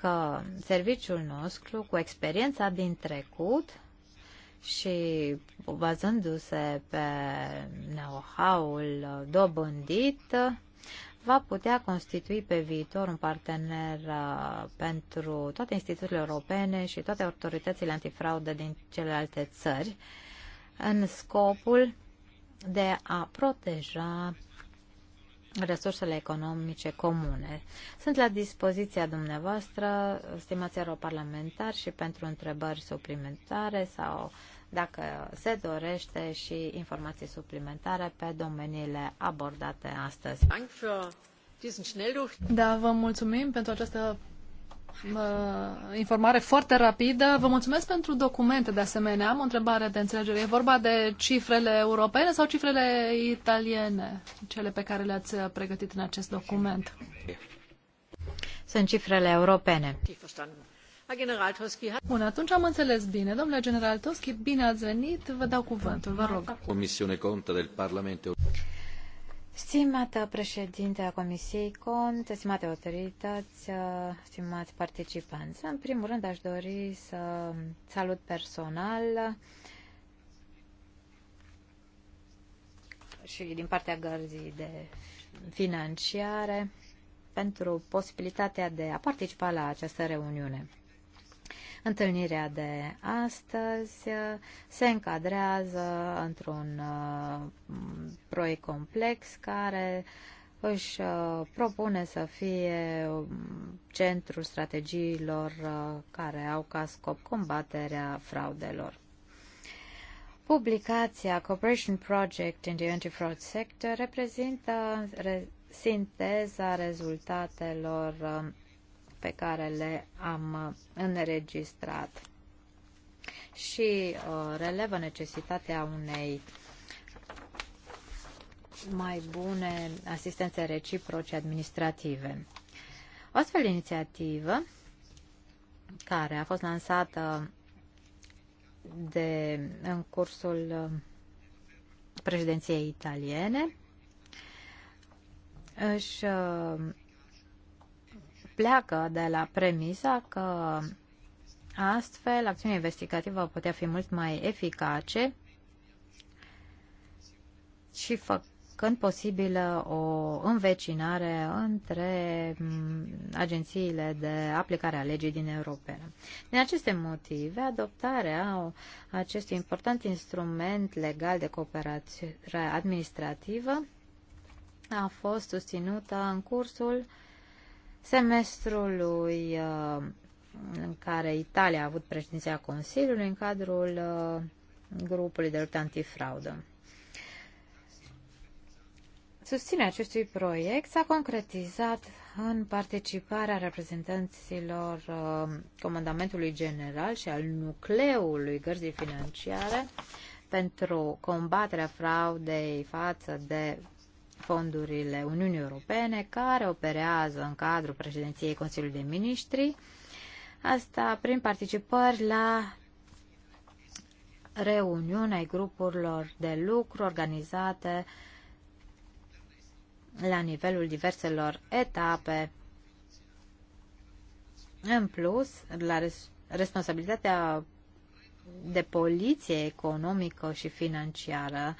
că serviciul nostru, cu experiența din trecut și bazându-se pe know-how-ul dobândit, va putea constitui pe viitor un partener uh, pentru toate instituțiile europene și toate autoritățile antifraudă din celelalte țări în scopul de a proteja resursele economice comune. Sunt la dispoziția dumneavoastră, stimați europarlamentari, și pentru întrebări suplimentare sau, dacă se dorește, și informații suplimentare pe domeniile abordate astăzi. Da, vă mulțumim pentru această informare foarte rapidă. Vă mulțumesc pentru documente, de asemenea. Am o întrebare de înțelegere. E vorba de cifrele europene sau cifrele italiene, cele pe care le-ați pregătit în acest document? Sunt cifrele europene. Bun, atunci am înțeles bine. Domnule general Toschi, bine ați venit. Vă dau cuvântul, vă rog. Comisiune Contă del Parlament Stimată președinte a Comisiei Cont, stimate autorități, stimați participanți, în primul rând aș dori să salut personal și din partea gărzii de financiare pentru posibilitatea de a participa la această reuniune. Întâlnirea de astăzi uh, se încadrează într-un uh, proiect complex care își uh, propune să fie um, centrul strategiilor care au ca scop combaterea fraudelor. Publicația Cooperation Project in the Anti-Fraud Sector reprezintă re- sinteza rezultatelor um, pe care le am înregistrat și uh, relevă necesitatea unei mai bune asistențe reciproce administrative. O astfel de inițiativă care a fost lansată de, în cursul uh, președinției italiene își uh, pleacă de la premisa că astfel acțiunea investigativă va putea fi mult mai eficace și făcând posibilă o învecinare între mm, agențiile de aplicare a legii din europene. Din aceste motive, adoptarea acestui important instrument legal de cooperare administrativă a fost susținută în cursul semestrului uh, în care Italia a avut președinția Consiliului în cadrul uh, grupului de luptă antifraudă. Susținerea acestui proiect s-a concretizat în participarea reprezentanților uh, Comandamentului General și al nucleului gărzii financiare pentru combaterea fraudei față de fondurile Uniunii Europene care operează în cadrul președinției Consiliului de Ministri, asta prin participări la reuniuni ai grupurilor de lucru organizate la nivelul diverselor etape. În plus, la responsabilitatea de poliție economică și financiară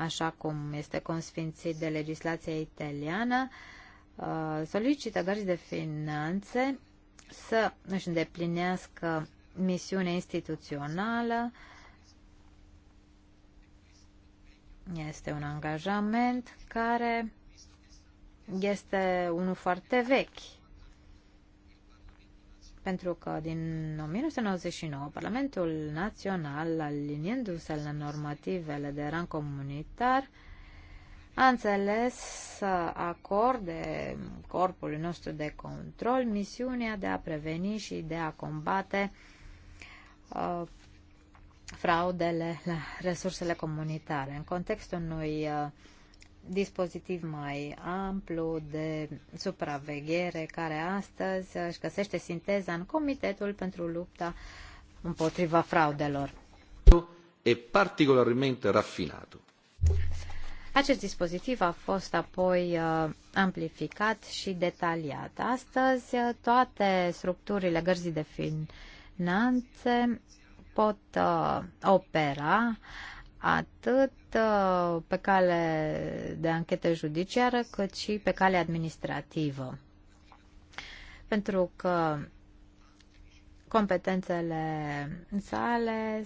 așa cum este consfințit de legislația italiană, uh, solicită gărzi de finanțe să își îndeplinească misiunea instituțională. Este un angajament care este unul foarte vechi pentru că din 1999 Parlamentul Național, aliniindu-se la normativele de rang comunitar, a înțeles să acorde corpului nostru de control misiunea de a preveni și de a combate uh, fraudele la resursele comunitare. În contextul unui uh, dispozitiv mai amplu de supraveghere care astăzi își găsește sinteza în Comitetul pentru lupta împotriva fraudelor. E particolarmente raffinato. Acest dispozitiv a fost apoi uh, amplificat și detaliat. Astăzi uh, toate structurile gărzii de finanțe pot uh, opera atât uh, pe cale de anchetă judiciară, cât și pe cale administrativă. Pentru că competențele sale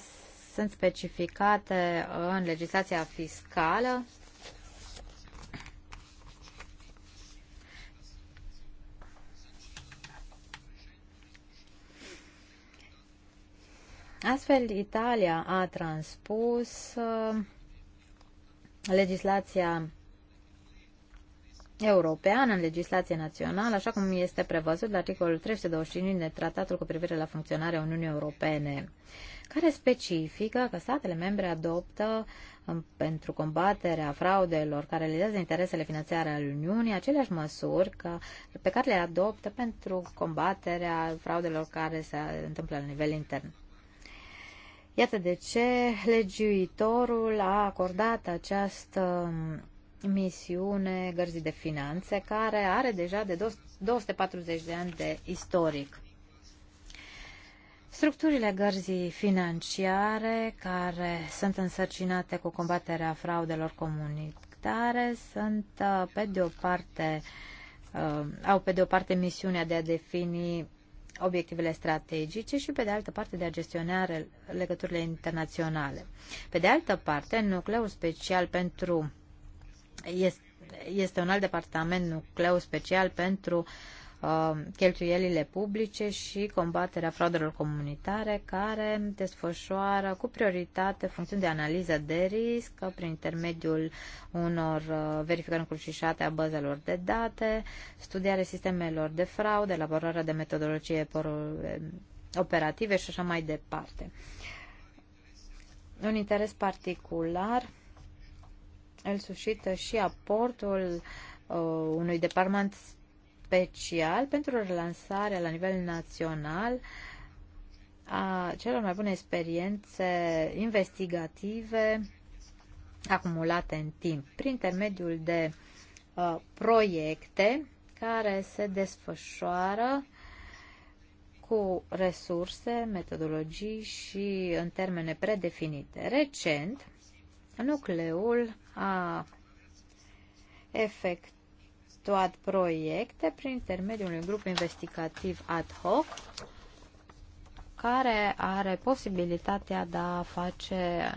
sunt specificate în legislația fiscală Astfel, Italia a transpus uh, legislația europeană în legislație națională, așa cum este prevăzut la articolul 325 din Tratatul cu privire la funcționarea Uniunii Europene, care specifică că statele membre adoptă um, pentru combaterea fraudelor care lidează interesele finanțare ale Uniunii aceleași măsuri ca, pe care le adoptă pentru combaterea fraudelor care se întâmplă la nivel intern. Iată de ce legiuitorul a acordat această misiune Gărzii de Finanțe, care are deja de 240 de ani de istoric. Structurile gărzii financiare care sunt însărcinate cu combaterea fraudelor comunitare sunt uh, pe de o parte uh, au pe de o parte misiunea de a defini obiectivele strategice și, pe de altă parte, de a gestiona legăturile internaționale. Pe de altă parte, nucleul special pentru este, este un alt departament, nucleu special pentru uh, Uh, cheltuielile publice și combaterea fraudelor comunitare care desfășoară cu prioritate funcțiuni de analiză de risc uh, prin intermediul unor uh, verificări încrucișate a bazelor de date, studiare sistemelor de fraude, elaborarea de metodologie eh, operative și așa mai departe. Un interes particular îl suscită și aportul unui departament special pentru relansarea la nivel național a celor mai bune experiențe investigative acumulate în timp, prin intermediul de uh, proiecte care se desfășoară cu resurse, metodologii și în termene predefinite. Recent, nucleul a efectuat efectuat proiecte prin intermediul unui grup investigativ ad hoc care are posibilitatea de a face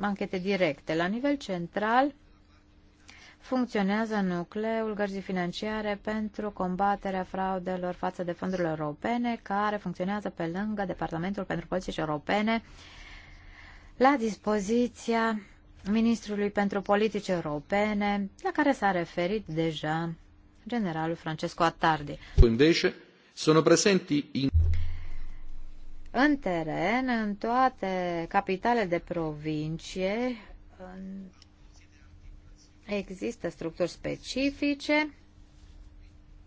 anchete directe. La nivel central funcționează nucleul gărzii financiare pentru combaterea fraudelor față de fondurile europene, care funcționează pe lângă Departamentul pentru Politici Europene la dispoziția ministrului pentru politici europene, la care s-a referit deja generalul Francesco Attardi. Invece, sono presenti in... În teren, în toate capitale de provincie, există structuri specifice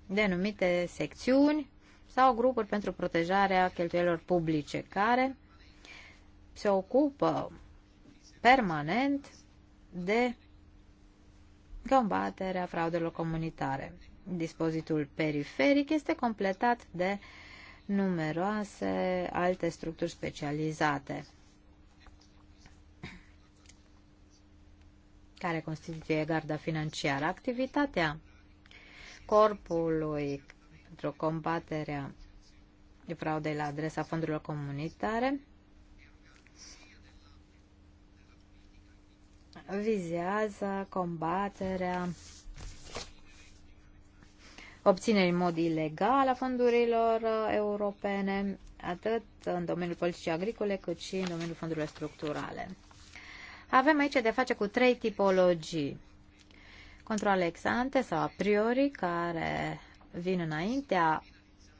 denumite secțiuni sau grupuri pentru protejarea cheltuielor publice care se ocupă permanent de combaterea fraudelor comunitare. Dispozitul periferic este completat de numeroase alte structuri specializate care constituie garda financiară. Activitatea corpului pentru combaterea fraudei la adresa fondurilor comunitare vizează combaterea obținerii în mod ilegal a fondurilor uh, europene, atât în domeniul politicii agricole, cât și în domeniul fondurilor structurale. Avem aici de face cu trei tipologii. Controle ex ante sau a priori, care vin înaintea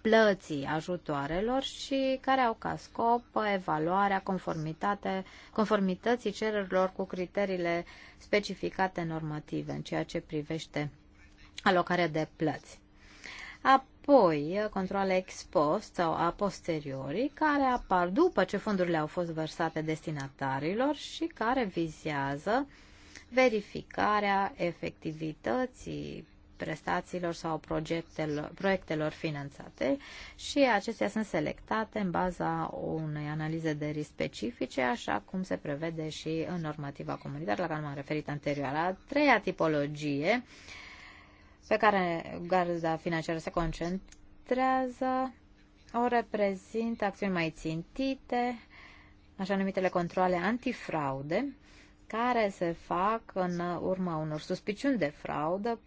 plății ajutoarelor și care au ca scop evaluarea conformitate, conformității cererilor cu criteriile specificate normative în ceea ce privește alocarea de plăți. Apoi, controle ex post sau a posteriori, care apar după ce fondurile au fost vărsate destinatarilor și care vizează verificarea efectivității prestațiilor sau proiectelor, proiectelor finanțate și acestea sunt selectate în baza unei analize de risc specifice, așa cum se prevede și în normativa comunitară la care m-am referit anterior. A treia tipologie pe care garda financiară se concentrează o reprezintă acțiuni mai țintite, așa numitele controle antifraude, care se fac în urma unor suspiciuni de fraudă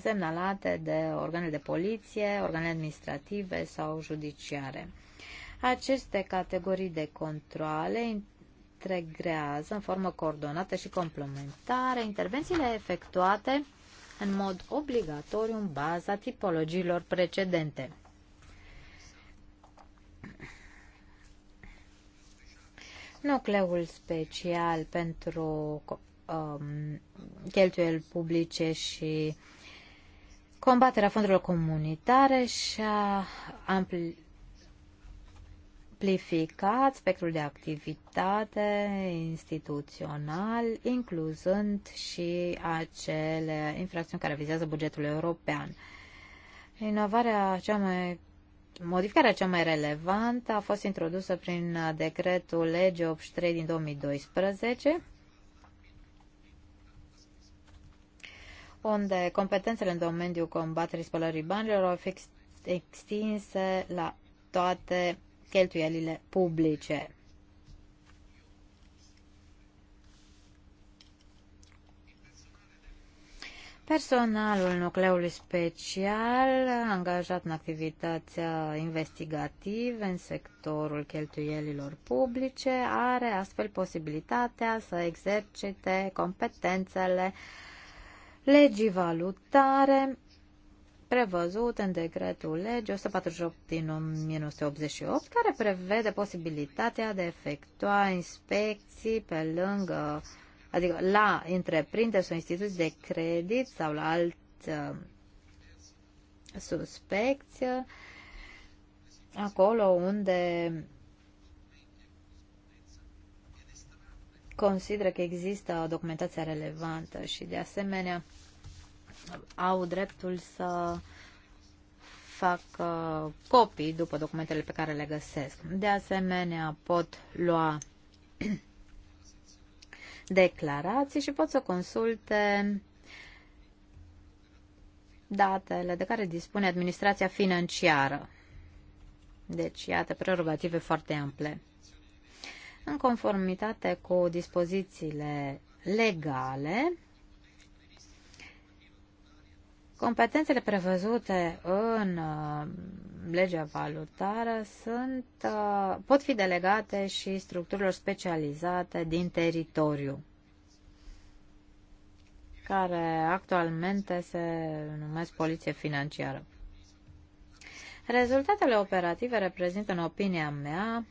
semnalate de organele de poliție, organele administrative sau judiciare. Aceste categorii de controle integrează în formă coordonată și complementară intervențiile efectuate în mod obligatoriu în baza tipologiilor precedente. Nucleul special pentru um, cheltuieli publice și combaterea fondurilor comunitare și a amplificat spectrul de activitate instituțional, incluzând și acele infracțiuni care vizează bugetul european. Inovarea cea mai Modificarea cea mai relevantă a fost introdusă prin decretul lege 83 din 2012 unde competențele în domeniul combaterii spălării banilor au fost extinse la toate cheltuielile publice. Personalul nucleului special angajat în activitatea uh, investigativă în sectorul cheltuielilor publice are astfel posibilitatea să exercite competențele uh, legii valutare prevăzut în decretul lege 148 din 1988, care prevede posibilitatea de efectua inspecții pe lângă, adică la întreprinderi sau instituții de credit sau la alt uh, suspecție acolo unde consideră că există o documentație relevantă și de asemenea au dreptul să fac copii după documentele pe care le găsesc. De asemenea, pot lua declarații și pot să consulte datele de care dispune administrația financiară. Deci, iată, prerogative foarte ample în conformitate cu dispozițiile legale, competențele prevăzute în uh, legea valutară sunt, uh, pot fi delegate și structurilor specializate din teritoriu, care actualmente se numesc poliție financiară. Rezultatele operative reprezintă, în opinia mea,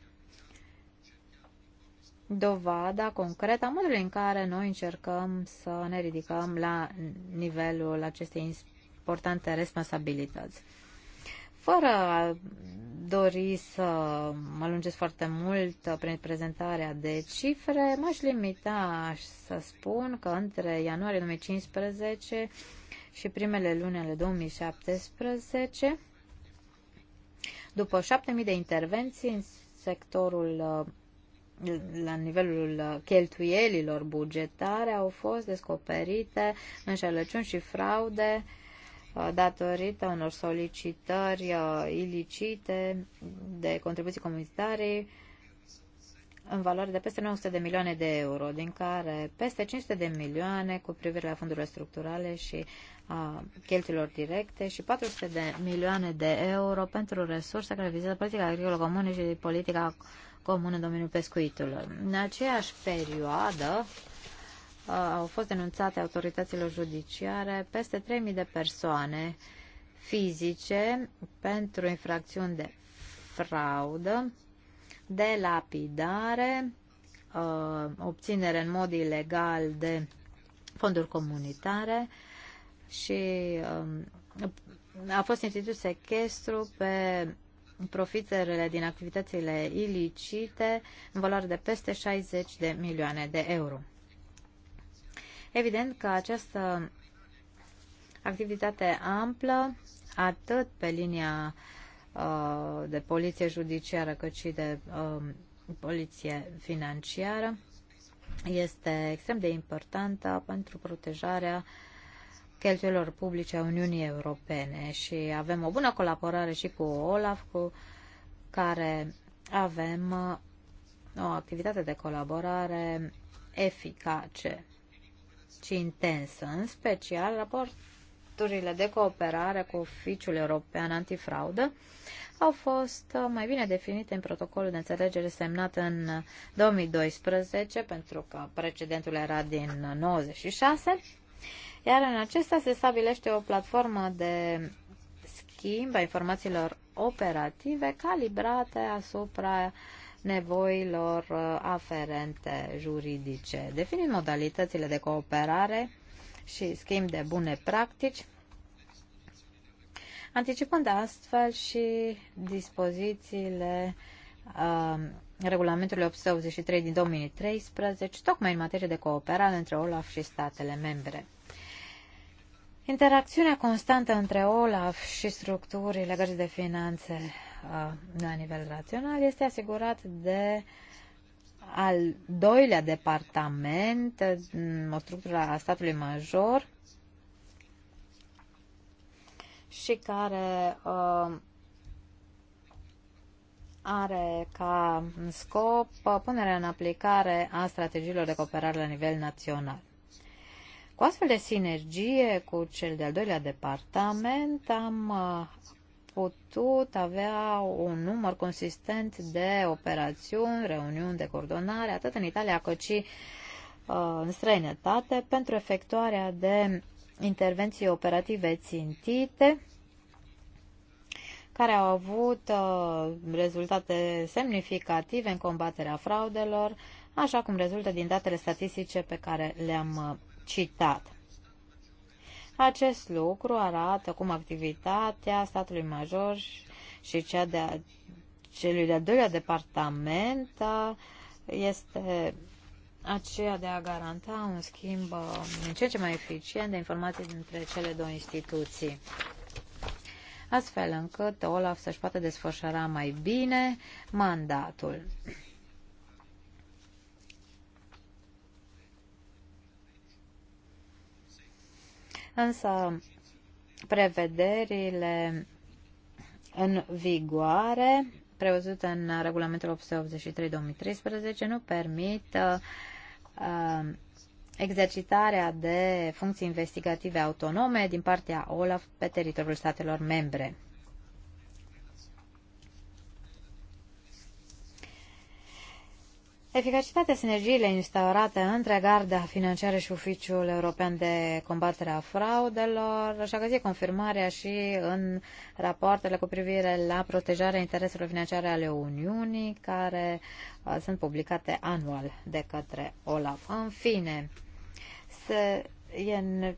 dovada concretă a modului în care noi încercăm să ne ridicăm la nivelul acestei importante responsabilități. Fără a dori să mă lungesc foarte mult prin prezentarea de cifre, m-aș limita să spun că între ianuarie 2015 și primele luni ale 2017, după 7.000 de intervenții în sectorul la nivelul cheltuielilor bugetare au fost descoperite înșelăciuni și fraude uh, datorită unor solicitări uh, ilicite de contribuții comunitare în valoare de peste 900 de milioane de euro, din care peste 500 de milioane cu privire la fondurile structurale și a cheltuielor directe și 400 de milioane de euro pentru resurse care vizează politica agricolă comună și politica comună, în domeniul pescuitului. În aceeași perioadă uh, au fost denunțate autorităților judiciare peste 3.000 de persoane fizice pentru infracțiuni de fraudă, de lapidare, uh, obținere în mod ilegal de fonduri comunitare și um, a fost instituit sechestru pe profiterele din activitățile ilicite în valoare de peste 60 de milioane de euro. Evident că această activitate amplă, atât pe linia uh, de poliție judiciară, cât și de uh, poliție financiară, este extrem de importantă pentru protejarea uh, cheltuielor publice a Uniunii Europene și avem o bună colaborare și cu OLAF, cu care avem uh, o activitate de colaborare eficace și intensă, în special raporturile de cooperare cu Oficiul European Antifraudă au fost uh, mai bine definite în protocolul de înțelegere semnat în 2012, pentru că precedentul era din 96 iar în acesta se stabilește o platformă de schimb a informațiilor operative calibrate asupra nevoilor uh, aferente juridice, definind modalitățile de cooperare și schimb de bune practici, anticipând astfel și dispozițiile uh, regulamentului 883 din 2013, tocmai în materie de cooperare între OLAF și statele membre. Interacțiunea constantă între OLAF și structurile legate de finanțe la nivel național este asigurat de al doilea departament, o structură a statului major și care uh, are ca scop punerea în aplicare a strategiilor de cooperare la nivel național. Cu astfel de sinergie cu cel de-al doilea departament am uh, putut avea un număr consistent de operațiuni, reuniuni de coordonare, atât în Italia cât și uh, în străinătate, pentru efectuarea de intervenții operative țintite, care au avut uh, rezultate semnificative în combaterea fraudelor, așa cum rezultă din datele statistice pe care le-am citat. Acest lucru arată cum activitatea statului major și cea de a, celui de-al doilea departament uh, este aceea de a garanta un schimb uh, în ce ce mai eficient de informații dintre cele două instituții astfel încât Olaf să-și poată desfășura mai bine mandatul. însă prevederile în vigoare prevăzute în regulamentul 883-2013 nu permit uh, uh, exercitarea de funcții investigative autonome din partea OLAF pe teritoriul statelor membre. Eficacitatea sinergiile instaurate între Garda Financiară și Oficiul European de Combatere a Fraudelor și-a găsit confirmarea și în rapoartele cu privire la protejarea intereselor financiare ale Uniunii, care uh, sunt publicate anual de către OLAF. În fine, se, e în,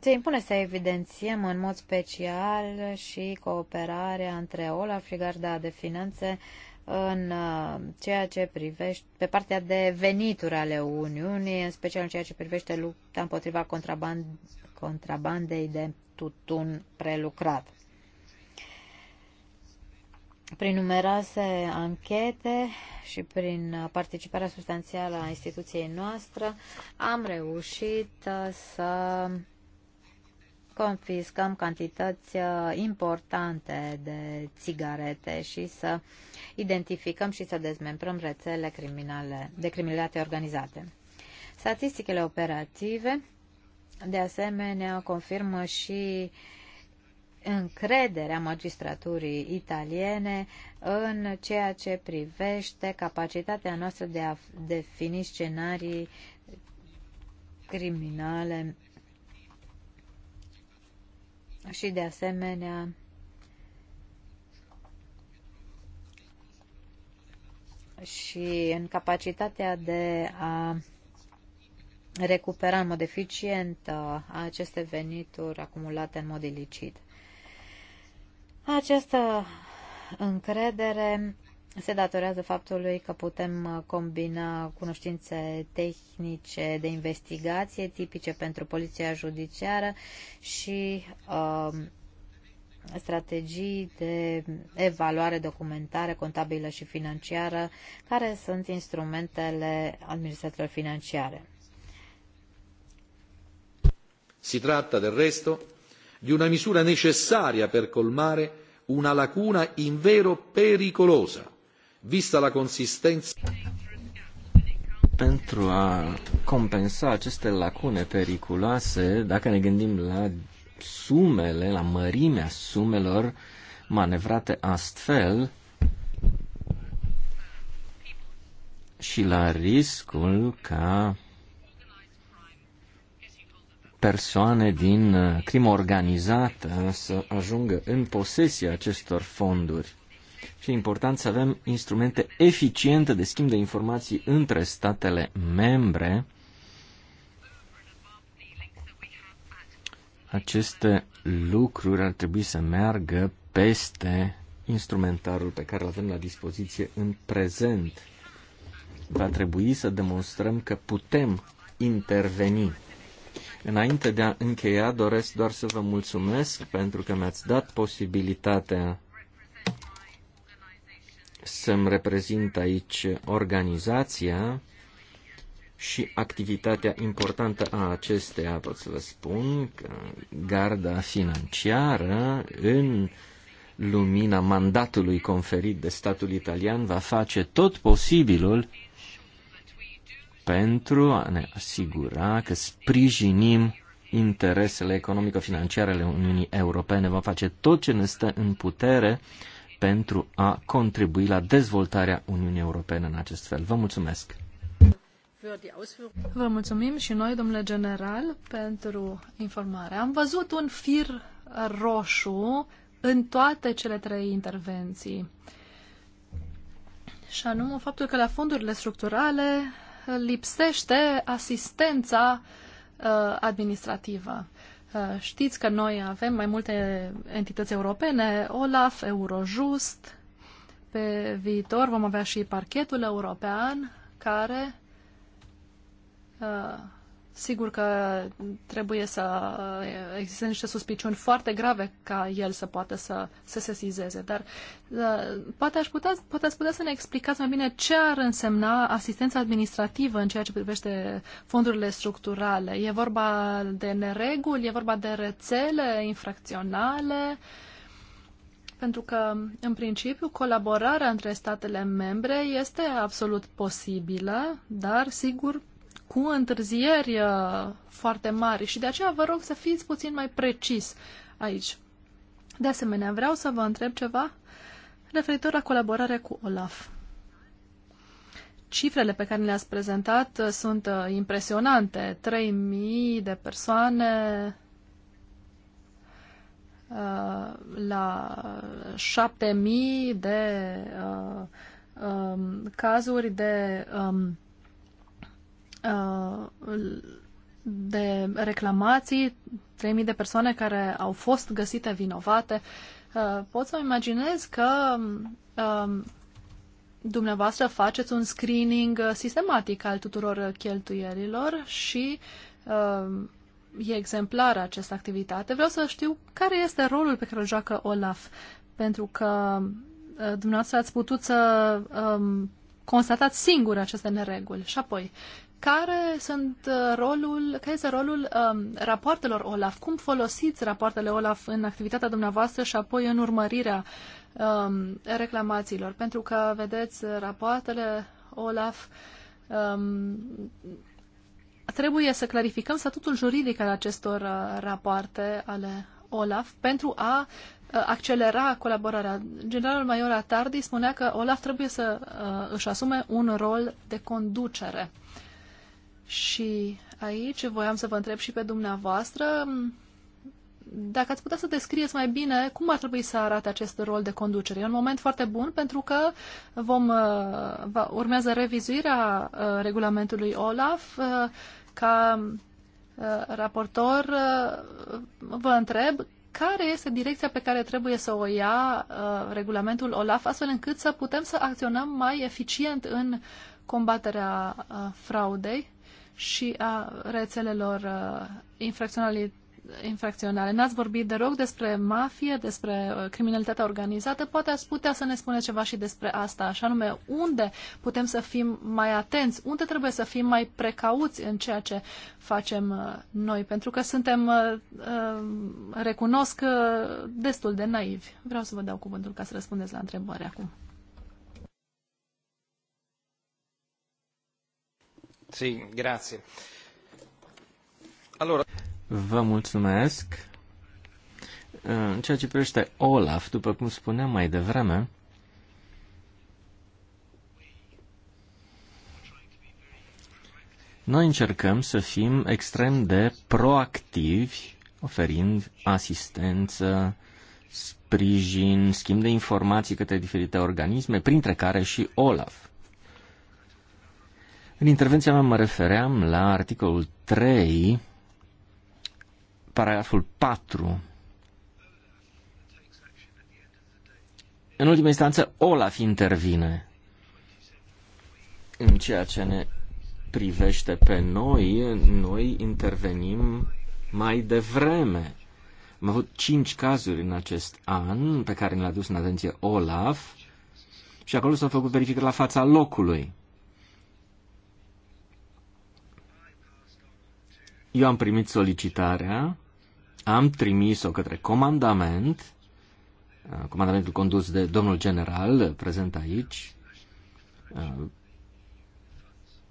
se impune să evidențiem în mod special și cooperarea între OLAF și Garda de Finanțe în uh, ceea ce privește, pe partea de venituri ale Uniunii, în special în ceea ce privește lupta împotriva contraband, contrabandei de tutun prelucrat. Prin numeroase anchete și prin participarea substanțială a instituției noastre, am reușit uh, să confiscăm cantități uh, importante de țigarete și să identificăm și să dezmembrăm rețele criminale, de criminalitate organizate. Statisticile operative, de asemenea, confirmă și încrederea magistraturii italiene în ceea ce privește capacitatea noastră de a defini scenarii criminale și de asemenea și în capacitatea de a recupera în mod eficient uh, aceste venituri acumulate în mod ilicit. Această încredere se datorează faptului că putem uh, combina cunoștințe tehnice de investigație tipice pentru poliția judiciară și uh, strategii de evaluare documentare, contabilă și financiară, care sunt instrumentele administratorilor financiare. Si tratta del resto di una misura necessaria per colmare una lacuna invero pericolosa vista la consistență. Pentru a compensa aceste lacune periculoase, dacă ne gândim la sumele, la mărimea sumelor manevrate astfel și la riscul ca persoane din crimă organizată să ajungă în posesia acestor fonduri și important să avem instrumente eficiente de schimb de informații între statele membre. Aceste lucruri ar trebui să meargă peste instrumentarul pe care îl avem la dispoziție în prezent. Va trebui să demonstrăm că putem interveni. Înainte de a încheia, doresc doar să vă mulțumesc pentru că mi-ați dat posibilitatea să-mi reprezint aici organizația și activitatea importantă a acesteia, pot să vă spun, garda financiară în lumina mandatului conferit de statul italian va face tot posibilul pentru a ne asigura că sprijinim interesele economico-financiare ale Uniunii Europene. Vom face tot ce ne stă în putere uh, pentru a contribui la dezvoltarea Uniunii Europene în acest fel. Vă mulțumesc! Vă mulțumim și noi, domnule general, pentru informare. Am văzut un fir roșu în toate cele trei intervenții. Și anume faptul că la fondurile structurale lipsește asistența uh, administrativă. Eh, știți că noi avem mai multe entități europene, OLAF, Eurojust. Pe viitor vom avea și parchetul european care eh, Sigur că trebuie să uh, existe niște suspiciuni foarte grave ca el să poată să, să se sizeze, dar uh, poate, aș putea, poate ați putea să ne explicați mai bine ce ar însemna asistența administrativă în ceea ce privește fondurile structurale. E vorba de nereguli, e vorba de rețele infracționale, pentru că, în principiu, colaborarea între statele membre este absolut posibilă, dar, sigur, cu întârzieri uh, foarte mari și de aceea vă rog să fiți puțin mai precis aici. De asemenea, vreau să vă întreb ceva referitor la colaborarea cu OLAF. Cifrele pe care le-ați prezentat uh, sunt uh, impresionante. 3.000 de persoane la 7.000 de um, cazuri de um, Uh, de reclamații, 3.000 de persoane care au fost găsite vinovate, uh, pot să-mi imaginez că um, dumneavoastră faceți un screening sistematic al tuturor cheltuielilor și um, e exemplară această activitate. Vreau să știu care este rolul pe care îl joacă Olaf, pentru că uh, dumneavoastră ați putut să um, constatați singur aceste nereguli. Și apoi, care, sunt uh, rolul, care este rolul um, rapoartelor OLAF? Cum folosiți rapoartele OLAF în activitatea dumneavoastră și apoi în urmărirea um, reclamațiilor? Pentru că, vedeți, rapoartele OLAF um, trebuie să clarificăm statutul juridic al acestor uh, rapoarte ale OLAF pentru a uh, accelera colaborarea. Generalul Major Atardi spunea că OLAF trebuie să uh, își asume un rol de conducere. Uh, și aici voiam să vă întreb și pe dumneavoastră dacă ați putea să descrieți mai bine cum ar trebui să arate acest rol de conducere. E un moment foarte bun pentru că vom, uh, va, urmează revizuirea uh, regulamentului OLAF uh, ca raportor vă întreb care este direcția pe care trebuie să o ia regulamentul OLAF astfel încât să putem să acționăm mai eficient în combaterea fraudei și a rețelelor uh, infracționale. infracționale. N-ați vorbit de rog despre mafie, despre uh, criminalitatea organizată. Poate ați putea să ne spuneți ceva și despre asta, așa nume unde putem să fim mai atenți, unde trebuie să fim mai precauți în ceea ce facem uh, noi, pentru că suntem, recunosc, destul de naivi. Vreau să vă dau cuvântul ca să răspundeți la întrebări acum. Vă mulțumesc. În ceea ce privește Olaf, după cum spuneam mai devreme, noi încercăm să fim extrem de proactivi, oferind asistență, sprijin, schimb de informații către diferite organisme, printre care și Olaf. În intervenția mea mă refeream la articolul 3, paragraful 4. În ultima instanță, Olaf intervine în ceea ce ne privește pe noi, noi intervenim mai devreme. Am avut cinci cazuri în acest an pe care ne-l-a dus în atenție Olaf și acolo s-au făcut verificări la fața locului. Eu am primit solicitarea, am trimis-o către comandament, uh, comandamentul condus de domnul general, uh, prezent aici. Uh,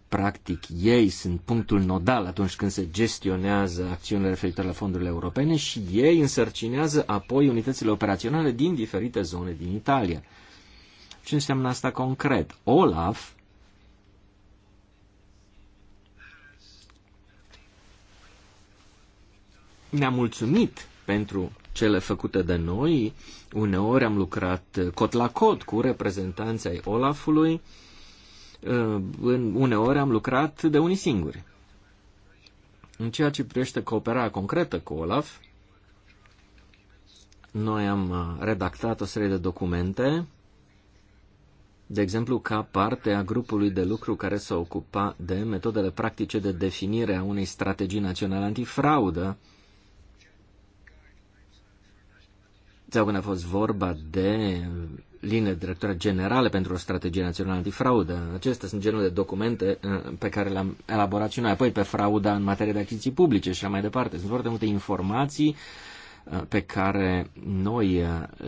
practic, ei sunt punctul nodal atunci când se gestionează acțiunile referitoare la fondurile europene și ei însărcinează apoi unitățile operaționale din diferite zone din Italia. Ce înseamnă asta concret? Olaf ne-a mulțumit pentru cele făcute de noi. Uneori am lucrat cot la cot cu reprezentanții ai Olafului, uh, uneori am lucrat de unii singuri. În ceea ce privește cooperarea concretă cu Olaf, noi am uh, redactat o serie de documente, de exemplu, ca parte a grupului de lucru care s-a ocupat de metodele practice de definire a unei strategii naționale antifraudă, sau când a fost vorba de linie directoare generale pentru o strategie națională antifraudă. Acestea sunt genul de documente uh, pe care le-am elaborat și noi. Apoi pe frauda în materie de achiziții publice și așa mai departe. Sunt foarte multe informații uh, pe care noi uh,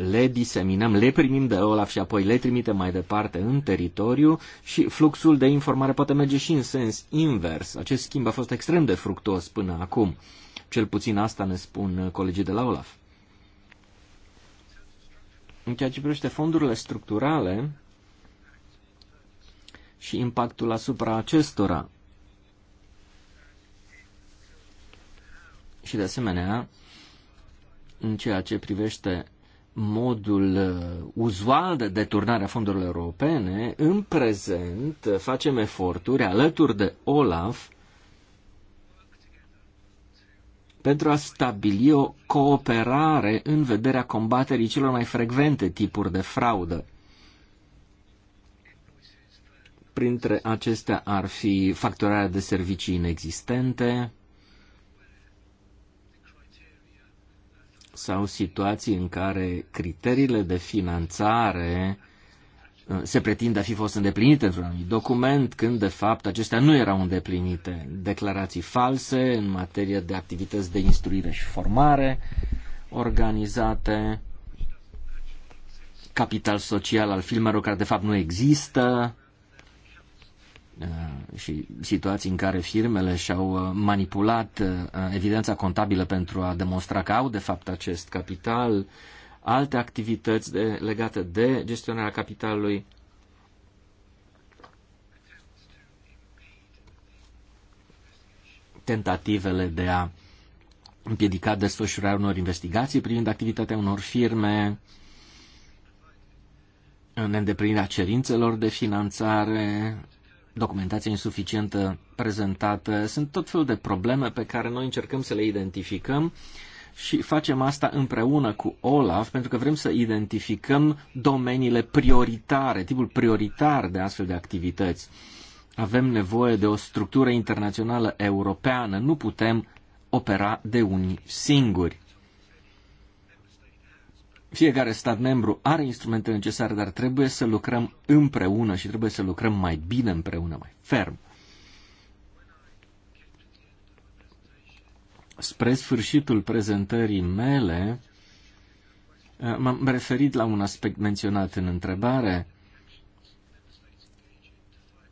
le diseminăm, le primim de Olaf și apoi le trimitem mai departe în teritoriu și fluxul de informare poate merge și în sens invers. Acest schimb a fost extrem de fructuos până acum. Cel puțin asta ne spun colegii de la Olaf. În ceea ce privește fondurile structurale și impactul asupra acestora. Și de asemenea, în ceea ce privește modul uh, uzual de deturnare a fondurilor europene, în prezent uh, facem eforturi alături de OLAF pentru a stabili o cooperare în vederea combaterii celor mai frecvente tipuri de fraudă. Printre acestea ar fi facturarea de servicii inexistente sau situații în care criteriile de finanțare Uh, se pretinde a fi fost îndeplinite într-un anumit document, când de fapt acestea nu erau îndeplinite. Declarații false în materie de activități de instruire și formare organizate, capital social al filmelor care de fapt nu există uh, și situații în care firmele și-au uh, manipulat evidența contabilă pentru a demonstra că au de fapt acest capital, alte activități de, legate de gestionarea capitalului. Tentativele de a împiedica desfășurarea unor investigații privind activitatea unor firme în îndeplinirea cerințelor de finanțare, documentație insuficientă prezentată. Sunt tot felul de probleme pe care noi încercăm să le identificăm și facem asta împreună cu OLAF pentru că vrem să identificăm domeniile prioritare, tipul prioritar de astfel de activități. Avem nevoie de o structură internațională europeană, nu putem opera de unii singuri. Fiecare stat membru are instrumentele necesare, dar trebuie să lucrăm împreună și trebuie să lucrăm mai bine împreună, mai ferm. Spre sfârșitul prezentării mele, eh, m-am referit la un aspect menționat în întrebare.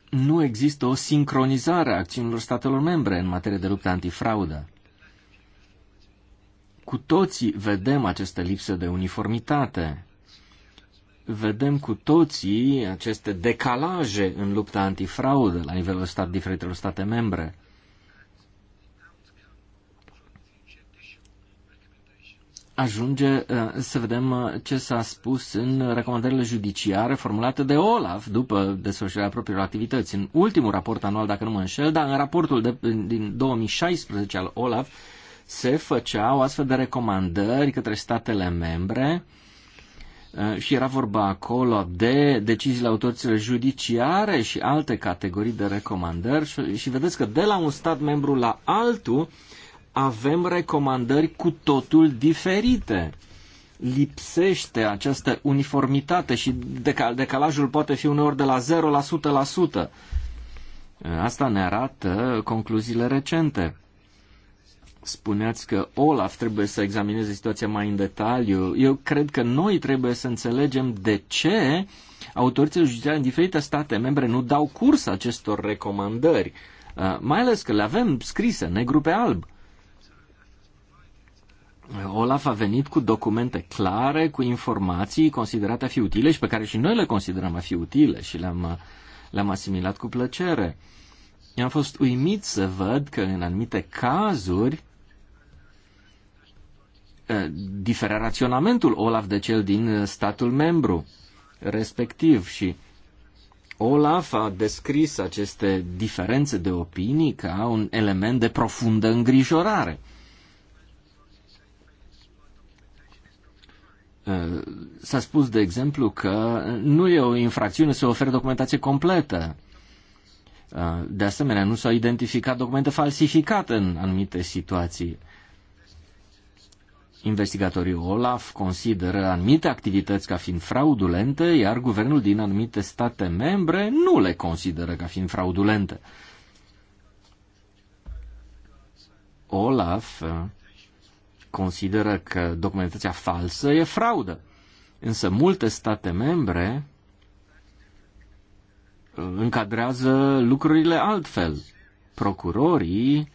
Nu există o sincronizare a acțiunilor statelor membre în materie de luptă antifraudă. Cu toții vedem această lipsă de uniformitate. Vedem cu toții aceste decalaje în lupta antifraudă la nivelul stat, diferitelor state membre ajunge uh, să vedem uh, ce s-a spus în recomandările judiciare formulate de Olaf după desfășurarea propriilor activități. În ultimul raport anual, dacă nu mă înșel, dar în raportul de, din 2016 al Olaf se făceau astfel de recomandări către statele membre uh, și era vorba acolo de deciziile autorităților judiciare și alte categorii de recomandări și, și vedeți că de la un stat membru la altul avem recomandări cu totul diferite. Lipsește această uniformitate și decal- decalajul poate fi uneori de la 0 la 100 la 100. Asta ne arată concluziile recente. Spuneați că Olaf trebuie să examineze situația mai în detaliu. Eu cred că noi trebuie să înțelegem de ce autoritățile judiciare în diferite state membre nu dau curs acestor recomandări, uh, mai ales că le avem scrise negru pe alb. Olaf a venit cu documente clare, cu informații considerate a fi utile și pe care și noi le considerăm a fi utile și le-am, le-am asimilat cu plăcere. Eu am fost uimit să văd că în anumite cazuri diferă raționamentul Olaf de cel din statul membru respectiv și Olaf a descris aceste diferențe de opinii ca un element de profundă îngrijorare. Eh, s-a spus, de exemplu, că nu e o infracțiune să ofere documentație completă. Eh, de asemenea, nu s-au identificat documente falsificate în anumite situații. Investigatorii OLAF consideră anumite activități ca fiind fraudulente, iar guvernul din anumite state membre nu le consideră ca fiind fraudulente. OLAF eh, consideră că documentația falsă e fraudă. Însă multe state membre uh, încadrează lucrurile altfel. Procurorii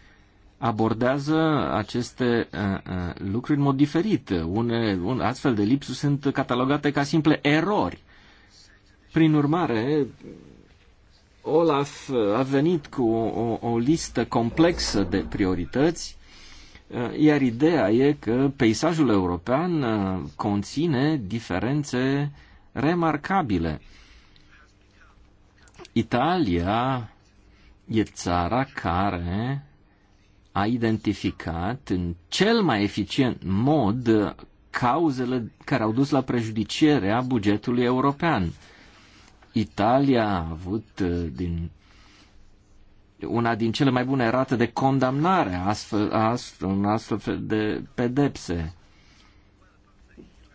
abordează aceste uh, uh, lucruri în mod diferit. Une, un, astfel de lipsuri sunt catalogate ca simple erori. Prin urmare, Olaf a venit cu o, o listă complexă de priorități Eh, iar ideea e că peisajul european eh, conține diferențe remarcabile. Italia e țara care a identificat în cel mai eficient mod cauzele care au dus la prejudicierea bugetului european. Italia a avut eh, din una din cele mai bune rate de condamnare a astfel, a astfel, un astfel de pedepse.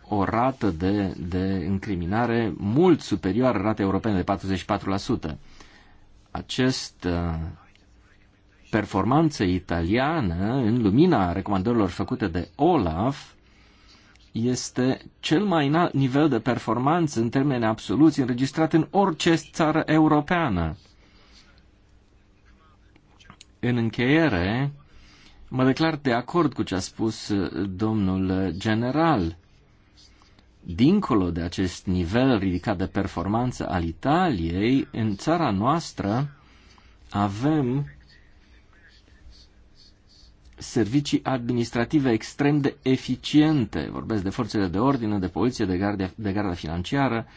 O rată de, de încriminare mult superioară ratei europene de 44%. Acest uh, performanță italiană, în lumina recomandărilor făcute de Olaf, este cel mai înalt nivel de performanță în termeni absoluți înregistrat în orice țară europeană. În încheiere, mă declar de acord cu ce a spus uh, domnul general. Dincolo de acest nivel ridicat de performanță al Italiei, în țara noastră avem servicii administrative extrem de eficiente. Vorbesc de forțele de ordine, de poliție, de garda, de garda financiară, uh,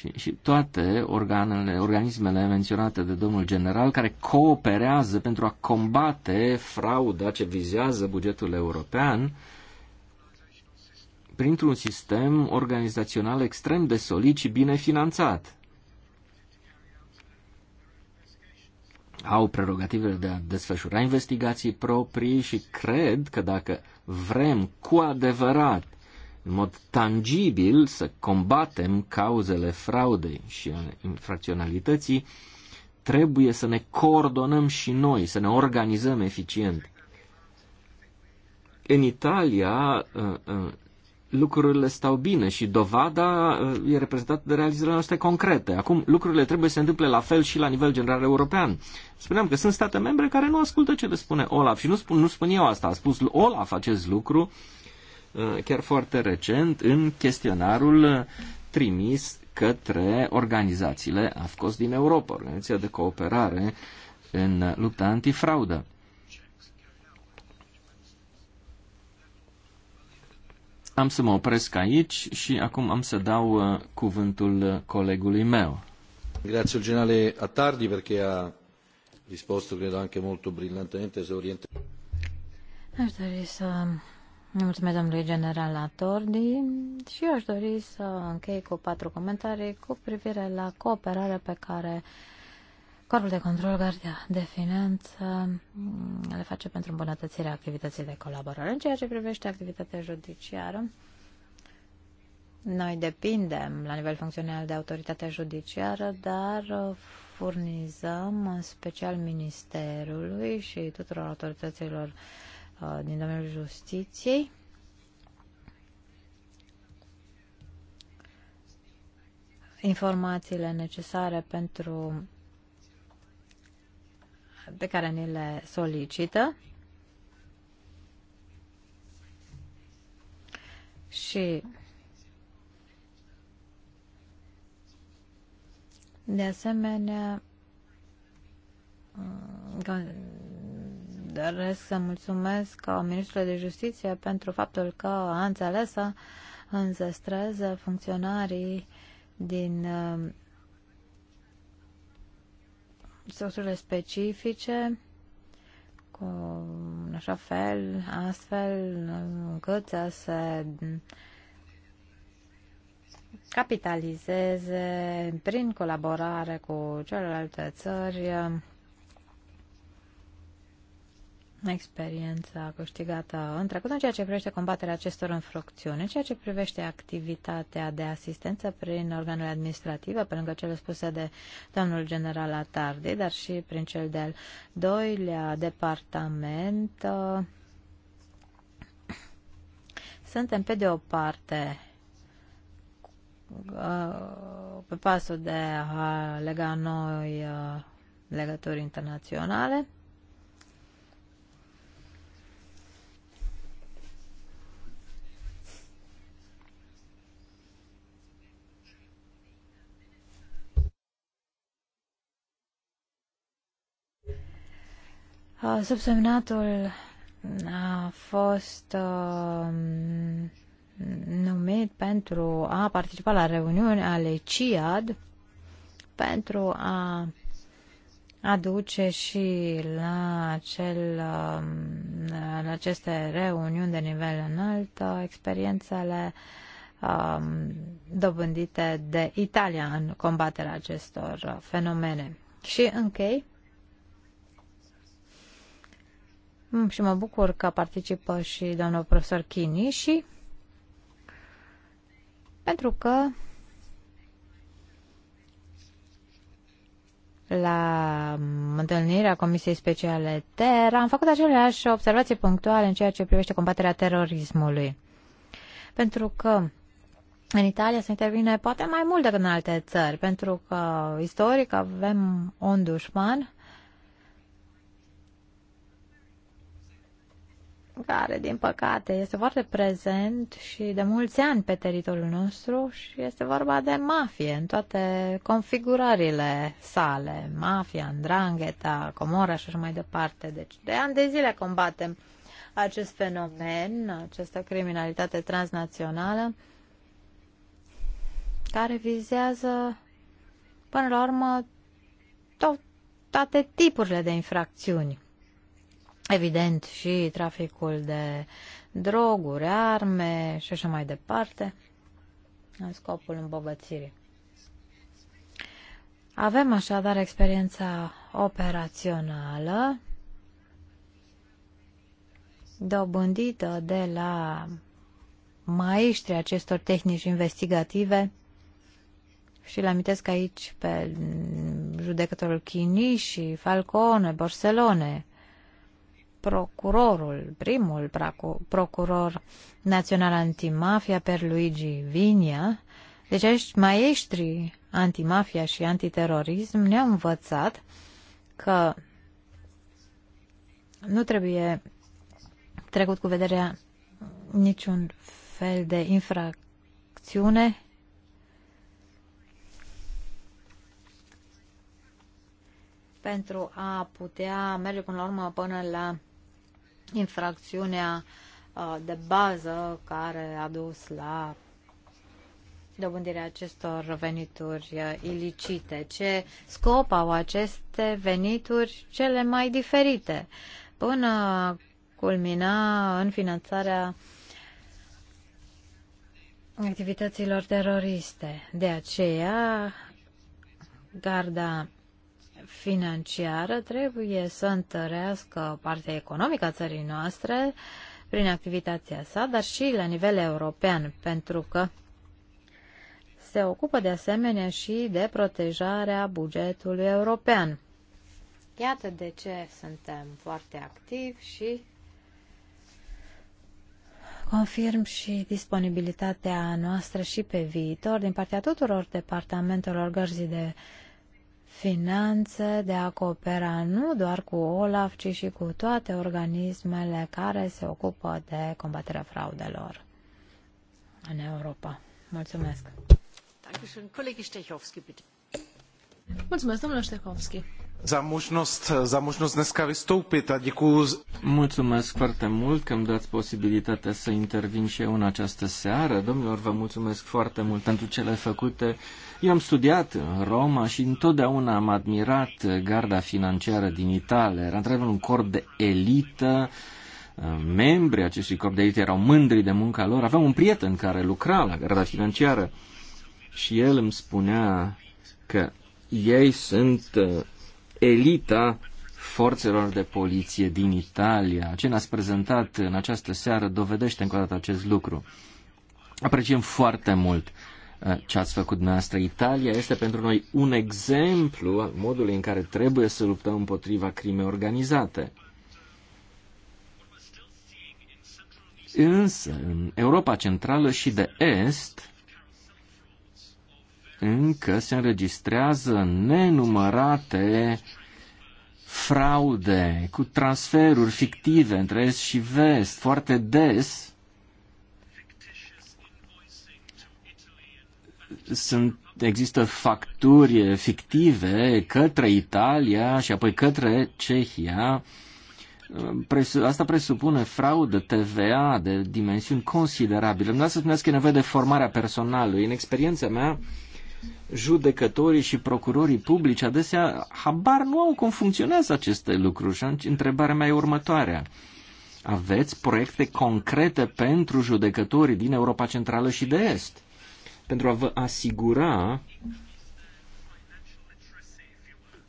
și, și toate organele, organismele menționate de domnul general care cooperează pentru a combate frauda ce vizează bugetul european printr-un sistem organizațional extrem de solid și bine finanțat. Au prerogativele de a desfășura investigații proprii și cred că dacă vrem cu adevărat în mod tangibil să combatem cauzele fraudei și infracționalității, trebuie să ne coordonăm și noi, să ne organizăm eficient. În Italia uh, uh, lucrurile stau bine și dovada uh, e reprezentată de realizările noastre concrete. Acum lucrurile trebuie să se întâmple la fel și la nivel general european. Spuneam că sunt state membre care nu ascultă ce le spune Olaf și nu spun, nu spun eu asta, a spus Olaf acest lucru Uh, chiar foarte recent, în chestionarul trimis către organizațiile AFCOS din Europa, Organizația de Cooperare în Lupta Antifraudă. Am să mă opresc aici și acum am să dau uh, cuvântul colegului meu. Grazie al generale Attardi perché ha risposto credo anche molto brillantemente Aș dori să Mulțumesc domnului general Atordi și eu aș dori să închei cu patru comentarii cu privire la cooperarea pe care Corpul de control, Gardia de Finanță, le face pentru îmbunătățirea activității de colaborare. În ceea ce privește activitatea judiciară, noi depindem la nivel funcțional de autoritatea judiciară, dar furnizăm în special Ministerului și tuturor autorităților uh, Uh, din domeniul justiției. Informațiile necesare pentru pe care ni le solicită și de asemenea uh, doresc să mulțumesc Ministrului de Justiție pentru faptul că a înțeles să înzestreze funcționarii din uh, structurile specifice cu, în așa fel, astfel încât să se capitalizeze prin colaborare cu celelalte țări uh, experiența câștigată în trecut în ceea ce privește combaterea acestor infracțiuni, în ceea ce privește activitatea de asistență prin organele administrative, pe lângă cele spuse de domnul general Atardi, dar și prin cel de-al doilea departament. Uh, suntem pe de o parte uh, pe pasul de a lega noi uh, legături internaționale, Subsemnatul a fost uh, numit pentru a participa la reuniune ale CIAD pentru a aduce și la, acel, la aceste reuniuni de nivel înalt experiențele uh, dobândite de Italia în combaterea acestor fenomene. Și închei Mm, și mă bucur că participă și domnul profesor Chini și pentru că la întâlnirea Comisiei Speciale Terra am făcut aceleași observații punctuale în ceea ce privește combaterea terorismului. Pentru că în Italia se intervine poate mai mult decât în alte țări, pentru că istoric avem un dușman care, din păcate, este foarte prezent și de mulți ani pe teritoriul nostru și este vorba de mafie în toate configurările sale, mafia, Andrangheta, comora și așa mai departe. Deci de ani de zile combatem acest fenomen, această criminalitate transnațională care vizează până la urmă toate tipurile de infracțiuni evident și traficul de droguri, arme și așa mai departe, în scopul îmbogățirii. Avem așadar experiența operațională dobândită de la maestrii acestor tehnici investigative și le amintesc aici pe judecătorul Chini și Falcone, Barcelone, procurorul, primul procuror național antimafia, per Luigi Vinia. Deci aici maestri antimafia și antiterorism ne-au învățat că nu trebuie trecut cu vederea niciun fel de infracțiune pentru a putea merge până la urmă până la infracțiunea de bază care a dus la dobândirea acestor venituri ilicite. Ce scop au aceste venituri cele mai diferite până culmina în finanțarea activităților teroriste. De aceea, garda financiară trebuie să întărească partea economică a țării noastre prin activitatea sa, dar și la nivel european, pentru că se ocupă de asemenea și de protejarea bugetului european. Iată de ce suntem foarte activi și confirm și disponibilitatea noastră și pe viitor din partea tuturor departamentelor gărzii de finanțe de a coopera nu doar cu OLAF, ci și cu toate organismele care se ocupă de combaterea fraudelor în Europa. Mulțumesc! Mulțumesc, domnule Ștehovski za možnost, za možnost dneska vystoupit a děkuji. Mulțumesc foarte mult că îmi dați posibilitatea să intervin și eu în această seară. Domnilor, vă mulțumesc foarte mult pentru cele făcute. Eu am studiat în Roma și întotdeauna am admirat garda financiară din Italia. Era într un corp de elită, membrii acestui corp de elită erau mândri de munca lor. Aveam un prieten care lucra la garda financiară și el îmi spunea că ei sunt uh, elita forțelor de poliție din Italia. Ce ne-ați prezentat în această seară dovedește încă o dată acest lucru. Apreciem foarte mult uh, ce ați făcut dumneavoastră. Italia este pentru noi un exemplu al modului în care trebuie să luptăm împotriva crimei organizate. Însă, în Europa Centrală și de Est, încă se înregistrează nenumărate fraude cu transferuri fictive între Est și Vest, foarte des. Sunt, există facturi fictive către Italia și apoi către Cehia. Asta presupune fraudă TVA de dimensiuni considerabile. Nu să spuneți că e nevoie de formarea personalului. În experiența mea, judecătorii și procurorii publici adesea habar nu au cum funcționează aceste lucruri. Și întrebarea mea e următoarea. Aveți proiecte concrete pentru judecătorii din Europa Centrală și de Est? Pentru a vă asigura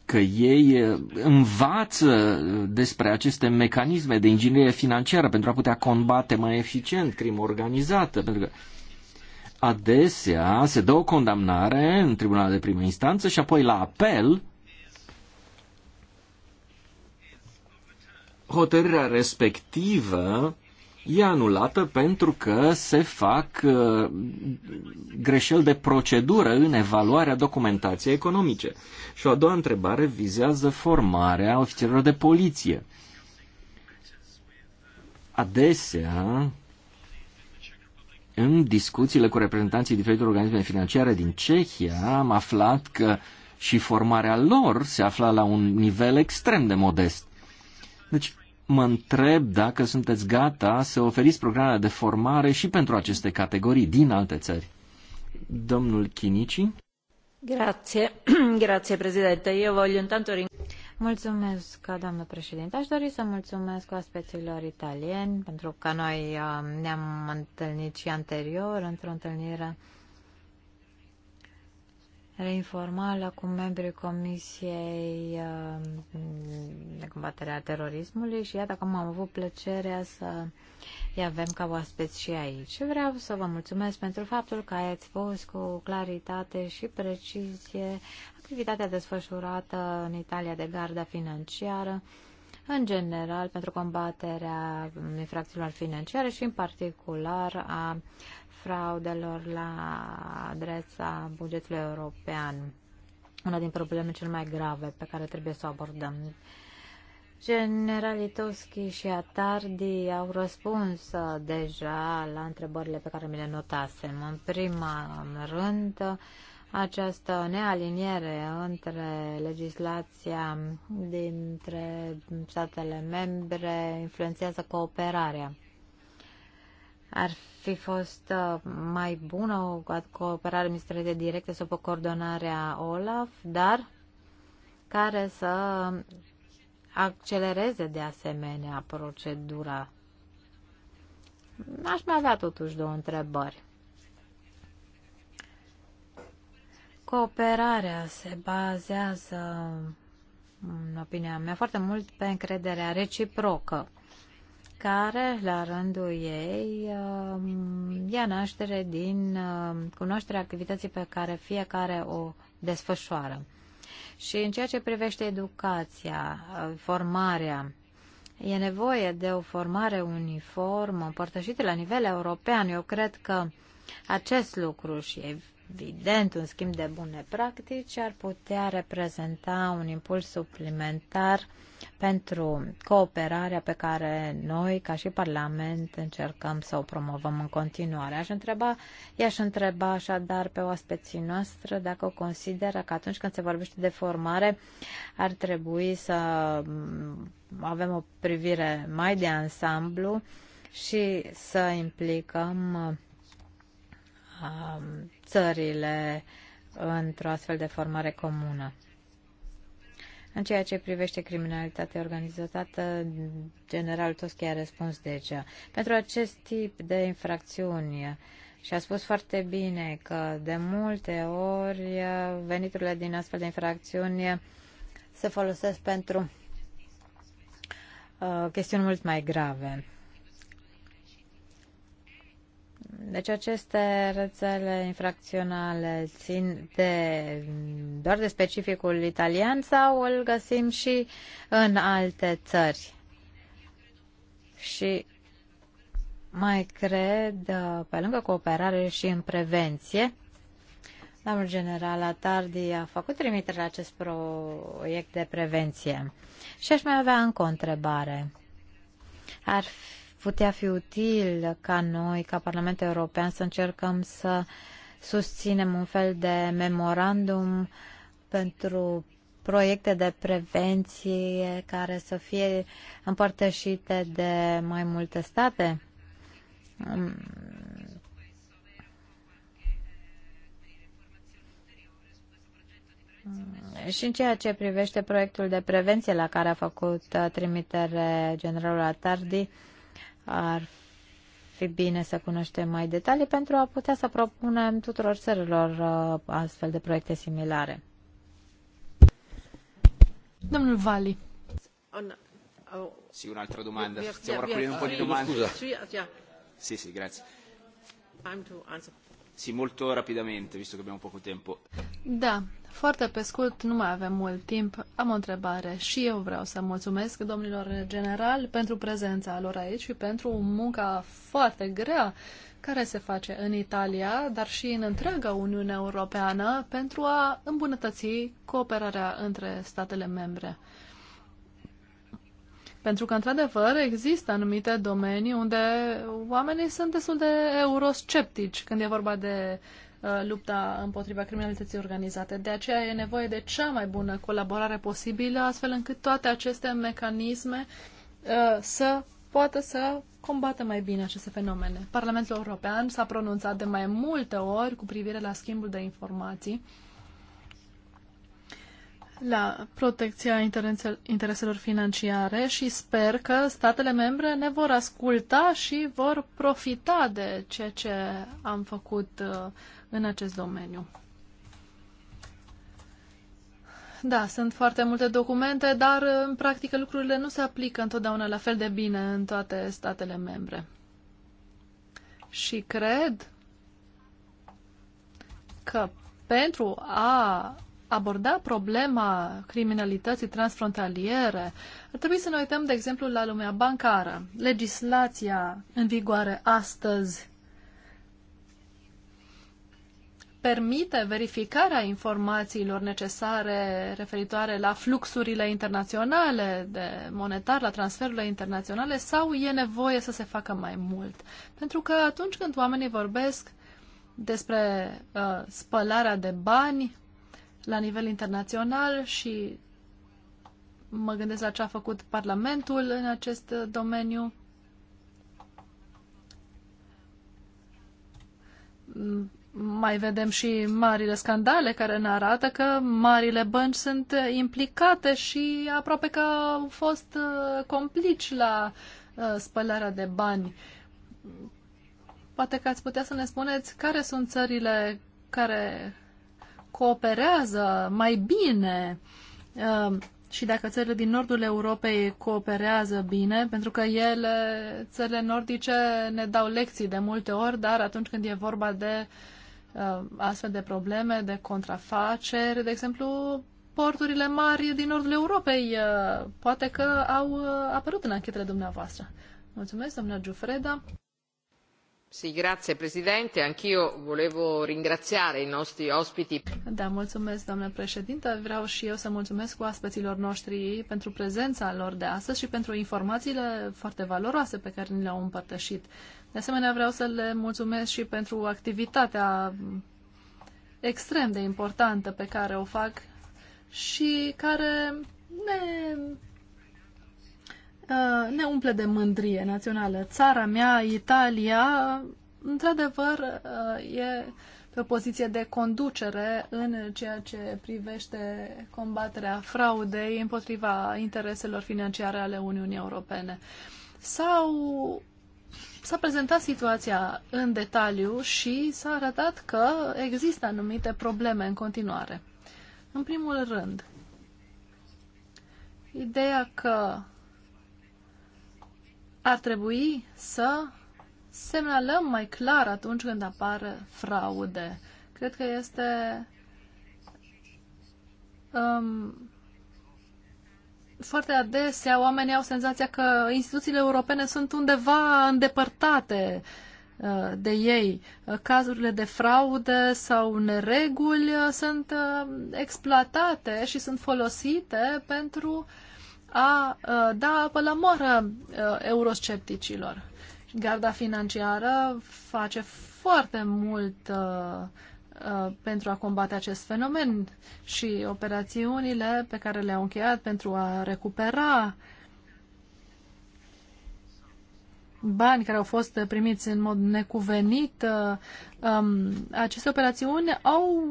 că ei eh, învață despre aceste mecanisme de inginerie financiară pentru a putea combate mai eficient crimă organizată, pentru că adesea se dă o condamnare în tribunal de primă instanță și apoi la apel hotărârea respectivă e anulată pentru că se fac uh, greșeli de procedură în evaluarea documentației economice. Și o a doua întrebare vizează formarea ofițerilor de poliție. Adesea, în discuțiile cu reprezentanții diferitelor organisme financiare din Cehia am aflat că și formarea lor se afla la un nivel extrem de modest. Deci mă întreb dacă sunteți gata să oferiți programe de formare și pentru aceste categorii din alte țări. Domnul Chinici. Grazie, grazie președinte. Eu voglio intanto Mulțumesc, doamnă președinte. Aș dori să mulțumesc oaspeților italieni, pentru că noi uh, ne-am întâlnit și anterior, într-o întâlnire informală cu membrii Comisiei uh, de combatere a terorismului și iată că am avut plăcerea să îi avem ca oaspeți și aici. Vreau să vă mulțumesc pentru faptul că ați fost cu claritate și precizie activitatea desfășurată în Italia de garda financiară, în general pentru combaterea infracțiunilor financiare și în particular a fraudelor la adresa bugetului european. Una din problemele cel mai grave pe care trebuie să o abordăm. Generalii Toschi și Atardi au răspuns deja la întrebările pe care mi le notasem. În prima rând, această nealiniere între legislația dintre statele membre influențează cooperarea. Ar fi fost uh, mai bună o cooperare administrativă directă sub coordonarea OLAF, dar care să accelereze de asemenea procedura. Aș mai avea totuși două întrebări. Cooperarea se bazează, în opinia mea, foarte mult pe încrederea reciprocă, care, la rândul ei, um, ia naștere din um, cunoașterea activității pe care fiecare o desfășoară. Și în ceea ce privește educația, uh, formarea, e nevoie de o formare uniformă, împărtășită la nivel european. Eu cred că acest lucru și evident, un schimb de bune practici ar putea reprezenta un impuls suplimentar pentru cooperarea pe care noi, ca și Parlament, încercăm să o promovăm în continuare. Aș întreba, i-aș întreba așadar pe oaspeții noastre dacă consideră că atunci când se vorbește de formare ar trebui să mm, avem o privire mai de ansamblu și să implicăm Um, țările într-o astfel de formare comună. În ceea ce privește criminalitatea organizată, general Toschi a răspuns deja. Pentru acest tip de infracțiuni, și a spus foarte bine că de multe ori veniturile din astfel de infracțiuni se folosesc pentru uh, chestiuni mult mai grave. Deci aceste rețele infracționale țin de, doar de specificul italian sau îl găsim și în alte țări? Și mai cred, pe lângă cooperare și în prevenție, Domnul general Atardi a făcut trimitere la acest proiect de prevenție. Și aș mai avea încă o întrebare. Ar putea fi util ca noi, ca Parlamentul European, să încercăm să susținem un fel de memorandum pentru proiecte de prevenție care să fie împărtășite de mai multe state? Mm. Și în ceea ce privește proiectul de prevenție la care a făcut uh, trimitere generalul Atardi, ar fi bine să cunoaștem mai detalii pentru a putea să propunem tuturor țărilor uh, astfel de proiecte similare. Domnul Vali. Sì, un'altra domanda. Stiamo raccogliendo un po' di eh, domande. Sì, sì, grazie. Sì, molto rapidamente, visto che abbiamo poco tempo. Da, foarte pe scurt, nu mai avem mult timp. Am o întrebare și eu vreau să mulțumesc domnilor general pentru prezența lor aici și pentru munca foarte grea care se face în Italia, dar și în întreaga Uniune Europeană pentru a îmbunătăți cooperarea între statele membre. Pentru că, într-adevăr, există anumite domenii unde oamenii sunt destul de eurosceptici când e vorba de uh, lupta împotriva criminalității organizate. De aceea e nevoie de cea mai bună colaborare posibilă, astfel încât toate aceste mecanisme uh, să poată să combată mai bine aceste fenomene. Parlamentul European s-a pronunțat de mai multe ori cu privire la schimbul de informații la protecția intereselor financiare și sper că statele membre ne vor asculta și vor profita de ceea ce am făcut uh, în acest domeniu. Da, sunt foarte multe documente, dar uh, în practică lucrurile nu se aplică întotdeauna la fel de bine în toate statele membre. Și cred că pentru a aborda problema criminalității transfrontaliere, ar trebui să ne uităm, de exemplu, la lumea bancară. Legislația în vigoare astăzi permite verificarea informațiilor necesare referitoare la fluxurile internaționale de monetar, la transferurile internaționale sau e nevoie să se facă mai mult? Pentru că atunci când oamenii vorbesc despre uh, spălarea de bani, la nivel internațional și mă gândesc la ce a făcut Parlamentul în acest domeniu. Mai vedem și marile scandale care ne arată că marile bănci sunt implicate și aproape că au fost uh, complici la uh, spălarea de bani. Poate că ați putea să ne spuneți care sunt țările care cooperează mai bine um, și dacă țările din nordul Europei cooperează bine, pentru că ele, țările nordice, ne dau lecții de multe ori, dar atunci când e vorba de uh, astfel de probleme, de contrafaceri, de exemplu, porturile mari din nordul Europei, uh, poate că au uh, apărut în anchetele dumneavoastră. Mulțumesc, doamna Giufreda. Signor Presidente, anch'io volevo ringraziare i nostri ospiti. Da, mulțumesc, doamnă președintă. Vreau și eu să mulțumesc oaspeților noștri pentru prezența lor de astăzi și pentru informațiile foarte valoroase pe care ni le-au împărtășit. De asemenea, vreau să le mulțumesc și pentru activitatea extrem de importantă pe care o fac și care ne ne umple de mândrie națională. Țara mea, Italia, într-adevăr, uh, e pe o poziție de conducere în ceea ce privește combaterea fraudei împotriva intereselor financiare ale Uniunii Europene. Sau s-a prezentat situația în detaliu și s-a arătat că există anumite probleme în continuare. În primul rând, ideea că ar trebui să semnalăm mai clar atunci când apar fraude. Cred că este um, foarte adesea oamenii au senzația că instituțiile europene sunt undeva îndepărtate uh, de ei. Cazurile de fraude sau nereguli sunt uh, exploatate și sunt folosite pentru uh, a da apă la moară euroscepticilor. Garda financiară face foarte mult pentru a combate acest fenomen și operațiunile pe care le-au încheiat pentru a recupera bani care au fost primiți în mod necuvenit, uh, um, aceste operațiuni au,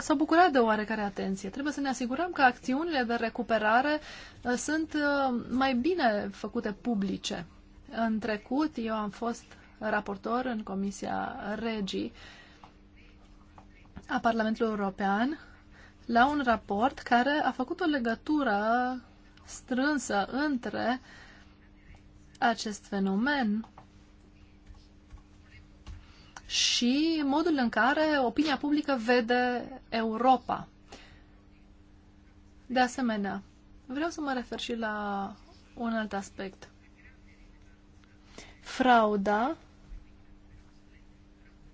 s-au bucurat de oarecare atenție. Trebuie să ne asigurăm că acțiunile de recuperare uh, sunt uh, mai bine făcute publice. În trecut, eu am fost raportor în Comisia Regii a Parlamentului European la un raport care a făcut o legătură strânsă între uh, acest fenomen și modul în care opinia publică vede Europa. De asemenea, vreau să mă refer și la un alt aspect. Frauda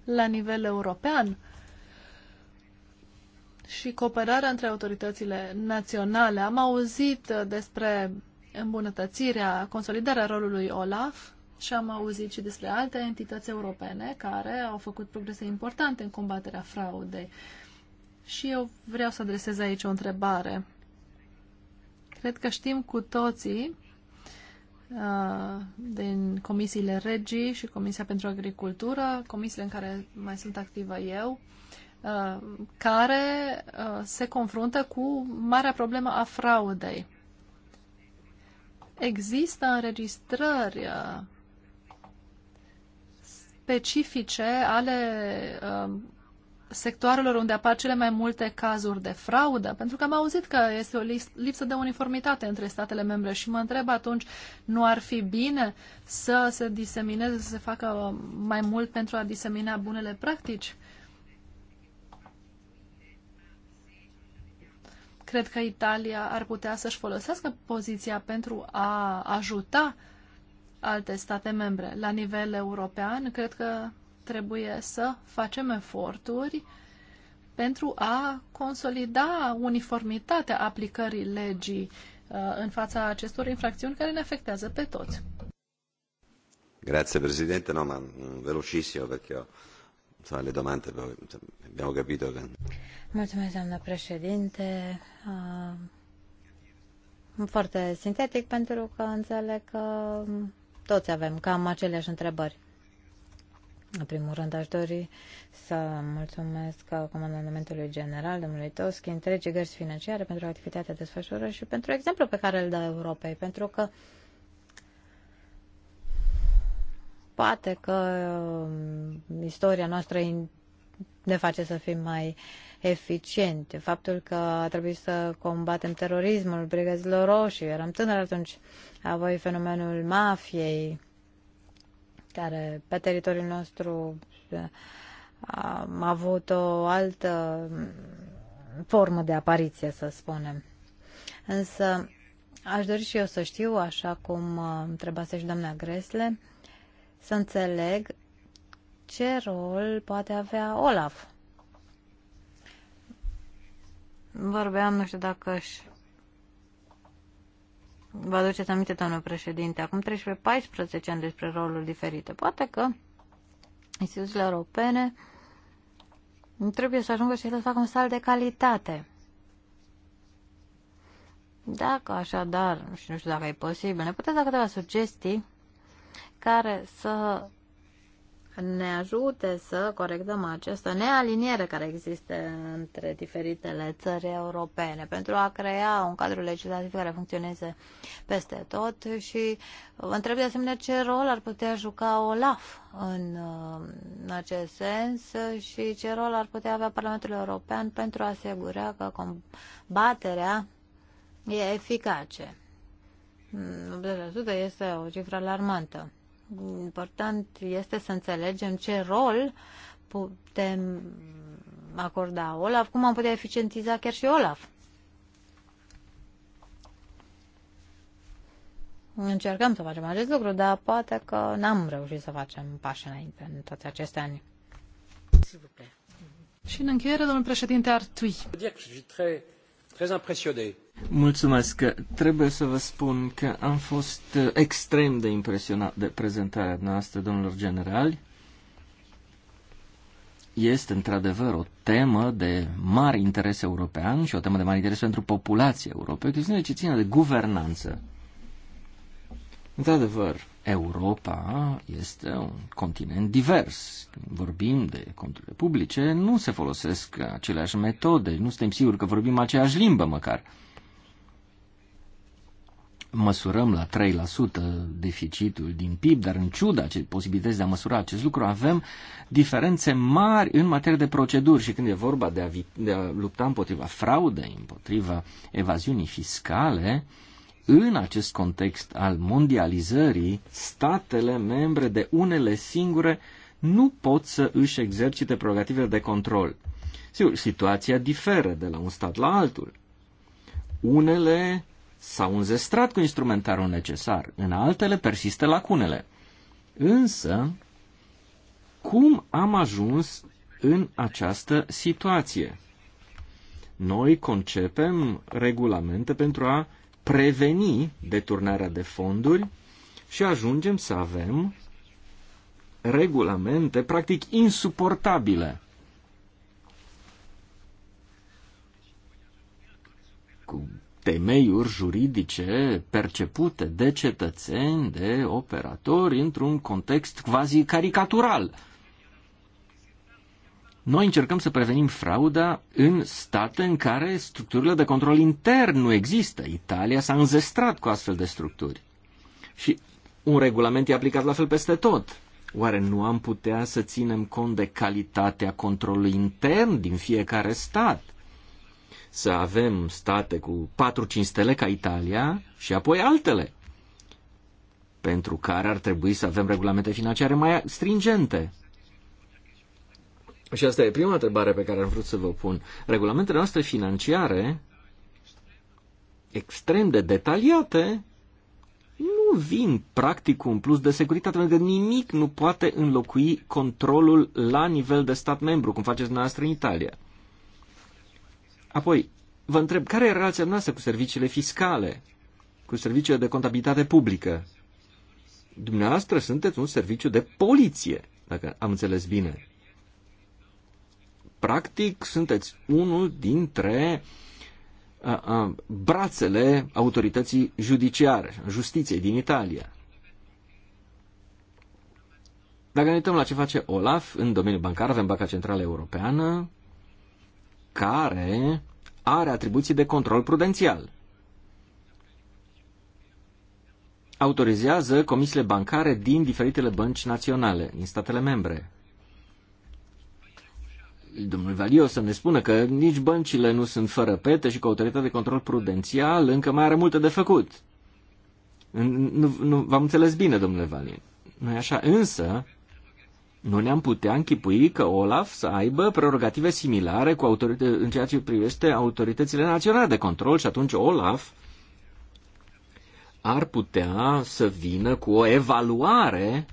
la nivel european și cooperarea între autoritățile naționale. Am auzit despre îmbunătățirea, consolidarea rolului OLAF și am auzit și despre alte entități europene care au făcut progrese importante în combaterea fraudei. Și eu vreau să adresez aici o întrebare. Cred că știm cu toții uh, din comisiile Regii și Comisia pentru Agricultură, comisiile în care mai sunt activă eu, uh, care uh, se confruntă cu marea problemă a fraudei. Există înregistrări uh, specifice ale uh, sectoarelor unde apar cele mai multe cazuri de fraudă? Pentru că am auzit că este o lipsă de uniformitate între statele membre și mă întreb atunci, nu ar fi bine să se disemineze, să se facă mai mult pentru a disemina bunele practici? Cred că Italia ar putea să-și folosească poziția pentru a ajuta alte state membre. La nivel european, cred că trebuie să facem eforturi pentru a consolida uniformitatea aplicării legii uh, în fața acestor infracțiuni care ne afectează pe toți. Grazie Presidente, no, ma mm, velocissimo perché ho alle domande abbiamo capito che Mulțumesc, doamnă președinte. Foarte sintetic pentru că înțeleg că toți avem cam aceleași întrebări. În primul rând aș dori să mulțumesc Comandamentului General, domnului Toschi, întregii gărzi financiare pentru activitatea desfășurată și pentru exemplu pe care îl dă Europei, pentru că uh, Poate că um, istoria noastră ne face să fim mai eficient. Faptul că a trebuit să combatem terorismul, brigăzilor roșii, eram tânăr atunci, voi fenomenul mafiei, care pe teritoriul nostru am avut o altă um, formă de apariție, să spunem. Însă aș dori și eu să știu, așa cum uh, întrebase și doamna Gresle, să înțeleg ce rol poate avea Olaf. Vorbeam, nu știu dacă își... Vă aduceți aminte, doamnă președinte, acum 13-14 ani despre roluri diferite. Poate că instituțiile europene trebuie să ajungă și să facă un sal de calitate. Dacă așadar, și nu știu dacă e posibil, ne puteți da câteva sugestii care să ne ajute să corectăm această nealiniere care există între diferitele țări europene pentru a crea un cadru legislativ care funcționeze peste tot și vă uh, întreb de asemenea ce rol ar putea juca OLAF în, uh, în acest sens și ce rol ar putea avea Parlamentul European pentru a asigura că combaterea e eficace. 80% este o cifră alarmantă. Important este să înțelegem ce rol putem acorda Olaf, cum am putea eficientiza chiar și Olaf. Încercăm să facem acest lucru, dar poate că n-am reușit să facem pași înainte în toți aceste ani. Și în încheiere, domnul președinte Artui. Très impressionné Mulțumesc. Trebuie să vă spun că am fost uh, extrem de impresionat de prezentarea noastră, domnilor generali. Este într-adevăr o temă de mare interes european și o temă de mare interes pentru populația Europei, o chestiune ce ține de guvernanță. Într-adevăr, Europa este un continent divers. Când vorbim de conturile publice, nu se folosesc aceleași metode, nu suntem siguri că vorbim aceeași limbă măcar măsurăm la 3% deficitul din PIB, dar în ciuda posibilități de a măsura acest lucru, avem diferențe mari în materie de proceduri și când e vorba de a, vi- de a lupta împotriva fraudei, împotriva evaziunii fiscale, în acest context al mondializării, statele membre de unele singure nu pot să își exercite prerogativele de control. Sigur, situația diferă de la un stat la altul. Unele s-au înzestrat cu instrumentarul necesar, în altele persistă lacunele. Însă, cum am ajuns în această situație? Noi concepem regulamente pentru a preveni deturnarea de fonduri și ajungem să avem regulamente practic insuportabile. Cu temeiuri juridice percepute de cetățeni, de operatori, într-un context quasi caricatural. Noi încercăm să prevenim frauda în state în care structurile de control intern nu există. Italia s-a înzestrat cu astfel de structuri. Și un regulament e aplicat la fel peste tot. Oare nu am putea să ținem cont de calitatea controlului intern din fiecare stat? să avem state cu 4-5 stele ca Italia și apoi altele, pentru care ar trebui să avem regulamente financiare mai stringente. Și asta e prima întrebare pe care am vrut să vă pun. Regulamentele noastre financiare, extrem de detaliate, nu vin practic cu un plus de securitate, pentru că nimic nu poate înlocui controlul la nivel de stat membru, cum faceți dumneavoastră în Italia. Apoi, vă întreb, care e relația noastră cu serviciile fiscale, cu serviciile de contabilitate publică? Dumneavoastră sunteți un serviciu de poliție, dacă am înțeles bine. Practic, sunteți unul dintre a, a, brațele autorității judiciare, justiției din Italia. Dacă ne uităm la ce face Olaf în domeniul bancar, avem Banca Centrală Europeană, care are atribuții de control prudențial. Autorizează comisiile bancare din diferitele bănci naționale, din statele membre. Domnul Valio să ne spună că nici băncile nu sunt fără pete și că autoritatea de control prudențial încă mai are multe de făcut. Nu, nu v-am înțeles bine, domnule Valin. Nu e așa? Însă, nu ne-am putea închipui că Olaf să aibă prerogative similare cu autorită- în ceea ce privește autoritățile naționale de control și atunci Olaf ar putea să vină cu o evaluare,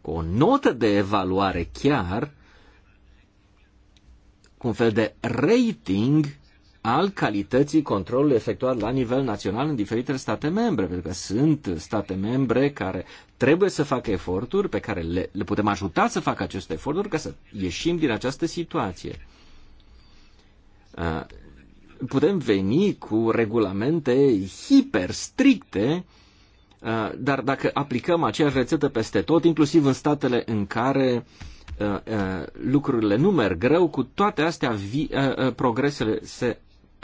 cu o notă de evaluare chiar, cu un fel de rating al calității controlului efectuat la nivel național în diferitele state membre, pentru că sunt state membre care trebuie să facă eforturi pe care le, le putem ajuta să facă aceste eforturi ca să ieșim din această situație. Uh, putem veni cu regulamente hiper stricte, uh, dar dacă aplicăm aceeași rețetă peste tot, inclusiv în statele în care uh, lucrurile nu merg greu, cu toate astea progresele se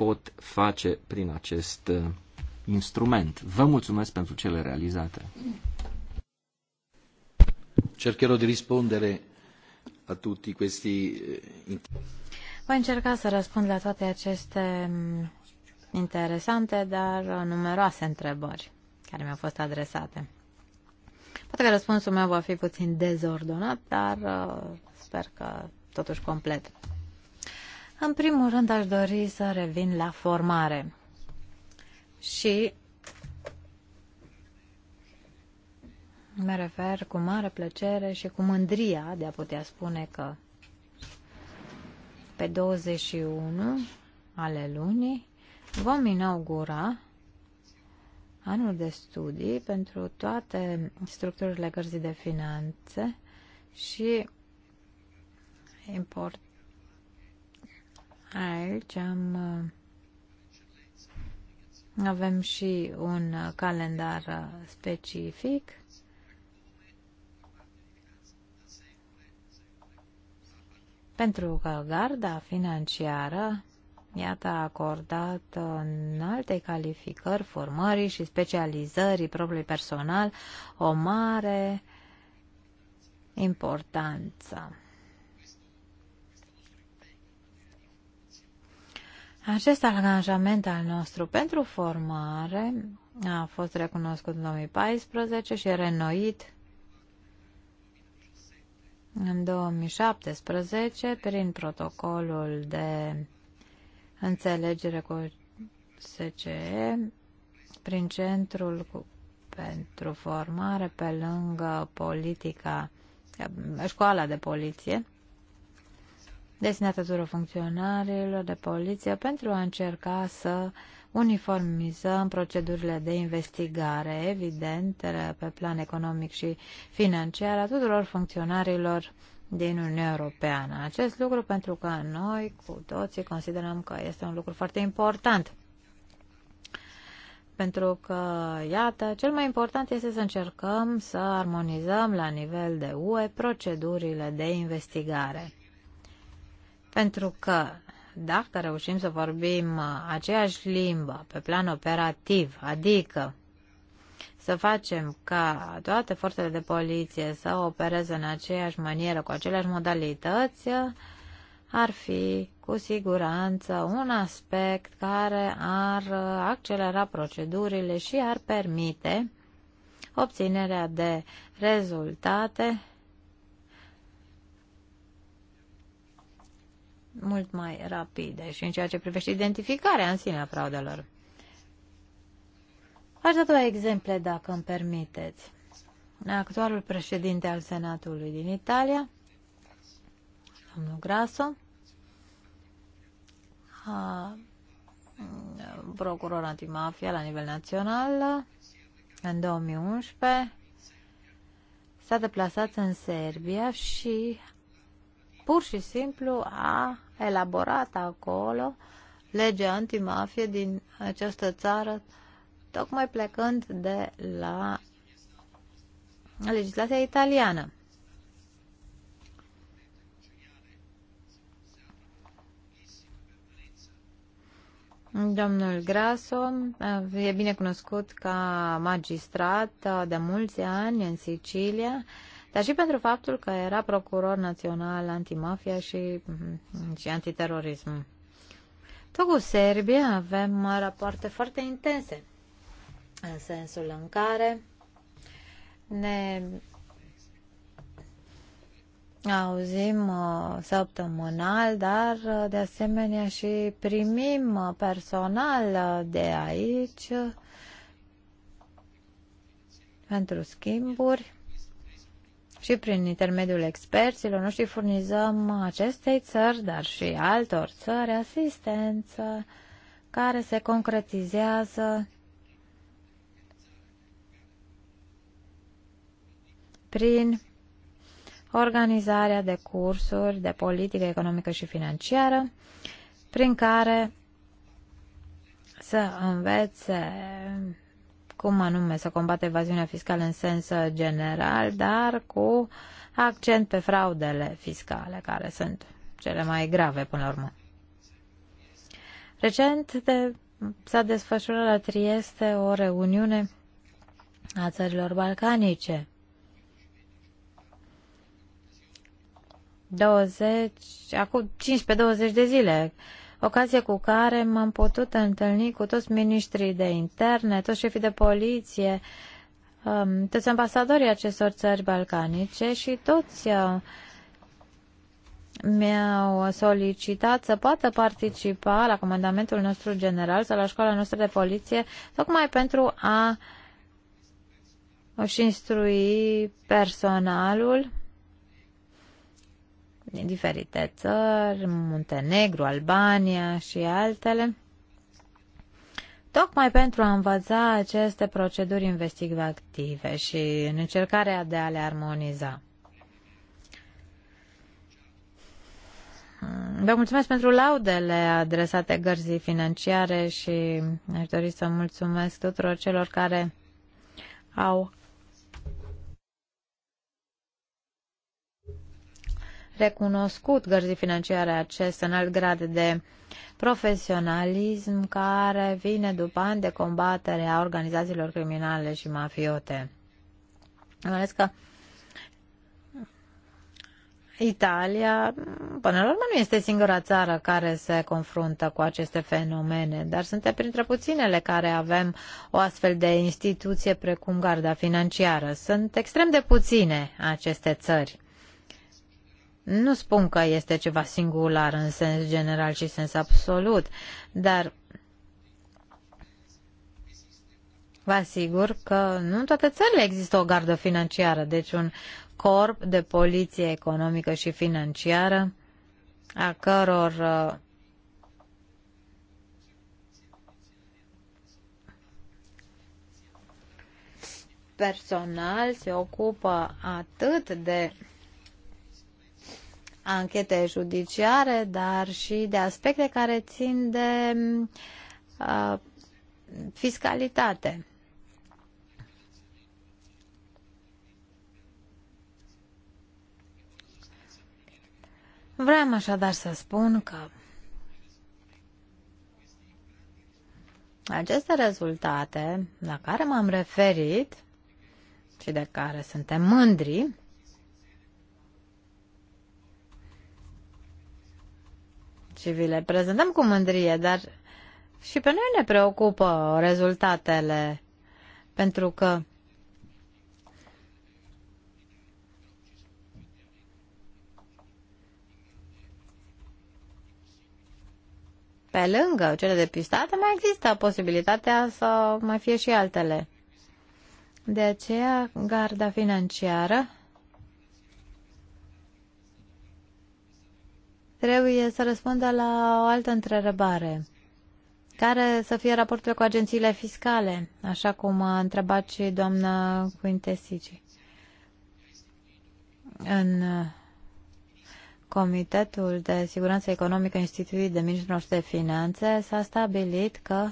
pot face prin acest uh, instrument. Vă mulțumesc pentru cele realizate. Cercherò di rispondere a tutti questi eh, voi încerca să răspund la toate aceste mm, interesante, dar uh, numeroase întrebări care mi-au fost adresate. Poate că răspunsul meu va fi puțin dezordonat, dar uh, sper că totuși complet. În primul rând aș dori să revin la formare și mă refer cu mare plăcere și cu mândria de a putea spune că pe 21 ale lunii vom inaugura anul de studii pentru toate structurile cărții de finanțe și import Aici am, uh, avem și un uh, calendar uh, specific. Pentru că garda financiară, iată, a acordat în alte calificări, formării și specializării propriului personal o mare importanță. Acest angajament al nostru pentru formare a fost recunoscut în 2014 și renoit în 2017 prin protocolul de înțelegere cu SCE prin Centrul cu, pentru Formare pe lângă politica, școala de poliție destinată tuturor funcționarilor de poliție pentru a încerca să uniformizăm procedurile de investigare, evident, pe plan economic și financiar, a tuturor funcționarilor din Uniunea Europeană. Acest lucru pentru că noi cu toții considerăm că este un lucru foarte important. Pentru că, iată, cel mai important este să încercăm să armonizăm la nivel de UE procedurile de investigare. Pentru că dacă reușim să vorbim aceeași limbă pe plan operativ, adică să facem ca toate forțele de poliție să opereze în aceeași manieră, cu aceleași modalități, ar fi cu siguranță un aspect care ar accelera procedurile și ar permite obținerea de rezultate mult mai rapide și în ceea ce privește identificarea în sine a fraudelor. Aș da două exemple, dacă îmi permiteți. Actualul președinte al Senatului din Italia, domnul Grasso, a, procuror antimafia la nivel național, în 2011, s-a deplasat în Serbia și pur și simplu a elaborată acolo legea antimafie din această țară, tocmai plecând de la legislația italiană. Domnul Grasso e bine cunoscut ca magistrat de mulți ani în Sicilia dar și pentru faptul că era procuror național antimafia și, mm, și antiterorism. Tot cu Serbia avem rapoarte foarte intense, în sensul în care ne auzim uh, săptămânal, dar uh, de asemenea și primim uh, personal de aici pentru schimburi și prin intermediul experților noștri furnizăm acestei țări, dar și altor țări, asistență care se concretizează prin organizarea de cursuri de politică economică și financiară, prin care să învețe cum anume să combate evaziunea fiscală în sens general, dar cu accent pe fraudele fiscale, care sunt cele mai grave până la urmă. Recent de, s-a desfășurat la Trieste o reuniune a țărilor balcanice. 20, acum 15-20 de zile, ocazie cu care m-am putut întâlni cu toți ministrii de interne, toți șefii de poliție, um, toți ambasadorii acestor țări balcanice și toți uh, mi-au solicitat să poată participa la comandamentul nostru general sau la școala noastră de poliție, tocmai pentru a își instrui personalul diferite țări, Muntenegru, Albania și altele, tocmai pentru a învăța aceste proceduri investigative și în încercarea de a le armoniza. Vă mulțumesc pentru laudele adresate gărzii financiare și aș dori să mulțumesc tuturor celor care au recunoscut gărzii financiare acest înalt grad de profesionalism care vine după ani de combatere a organizațiilor criminale și mafiote. Am ales că Italia, până la urmă, nu este singura țară care se confruntă cu aceste fenomene, dar suntem printre puținele care avem o astfel de instituție precum garda financiară. Sunt extrem de puține aceste țări. Nu spun că este ceva singular în sens general și sens absolut, dar vă asigur că nu în toate țările există o gardă financiară, deci un corp de poliție economică și financiară a căror uh, personal se ocupă atât de anchete judiciare, dar și de aspecte care țin de uh, fiscalitate. Vreau așadar să spun că aceste rezultate la care m-am referit și de care suntem mândri le Prezentăm cu mândrie, dar și pe noi ne preocupă rezultatele, pentru că pe lângă cele depistate, mai există posibilitatea să mai fie și altele. De aceea, garda financiară trebuie să răspundă la o altă întrebare. Care să fie raportul cu agențiile fiscale, așa cum a întrebat și doamna Quintesici. În uh, Comitetul de Siguranță Economică instituit de Ministrul nostru de Finanțe s-a stabilit că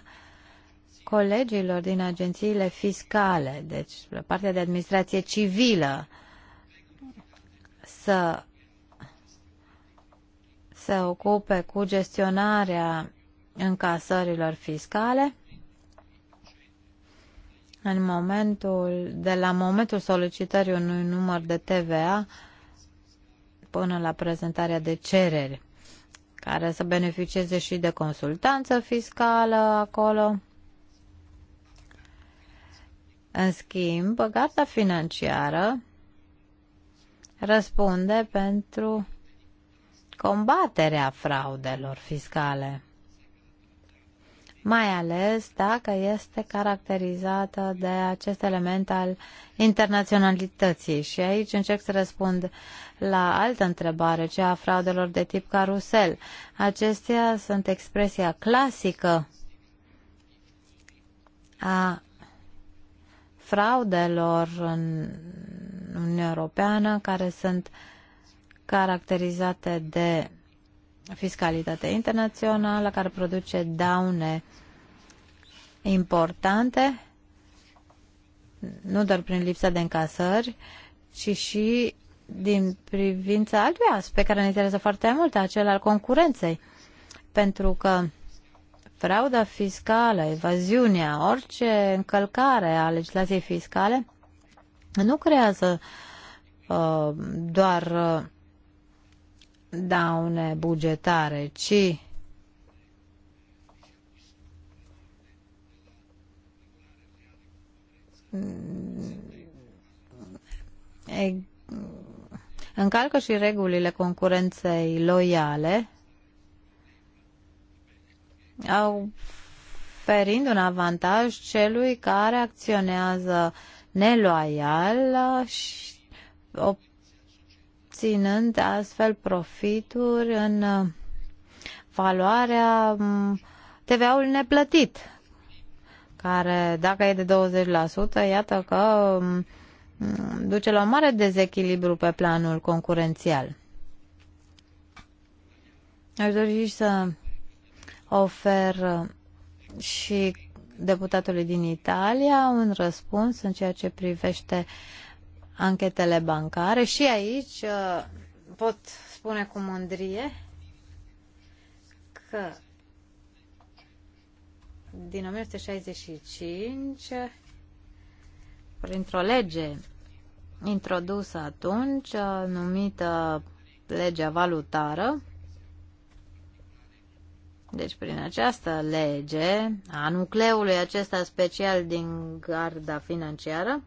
colegilor din agențiile fiscale, deci partea de administrație civilă, să se ocupe cu gestionarea încasărilor fiscale. În momentul, de la momentul solicitării unui număr de TVA până la prezentarea de cereri, care să beneficieze și de consultanță fiscală acolo. În schimb, garda financiară răspunde pentru combaterea fraudelor fiscale, mai ales dacă este caracterizată de acest element al internaționalității. Și aici încerc să răspund la altă întrebare, cea a fraudelor de tip carusel. Acestea sunt expresia clasică a fraudelor în Uniunea Europeană care sunt uh, caracterizate de fiscalitate internațională care produce daune importante, nu doar prin lipsa de încasări, ci și din privința altui aspect care ne interesează foarte mult, acela al concurenței. Pentru că frauda fiscală, evaziunea, orice încălcare a legislației fiscale nu creează uh, doar uh, daune bugetare, ci încalcă și regulile concurenței loiale, au ferind un avantaj celui care acționează neloial și o obținând astfel profituri în uh, valoarea mm, TVA-ul neplătit, care dacă e de 20%, iată că mm, mm, duce la un mare dezechilibru pe planul concurențial. Aș dori să ofer uh, și deputatului din Italia un răspuns în ceea ce privește anchetele bancare și aici uh, pot spune cu mândrie că din 1965 printr-o lege introdusă atunci, uh, numită legea valutară. Deci, prin această lege a nucleului acesta special din garda financiară,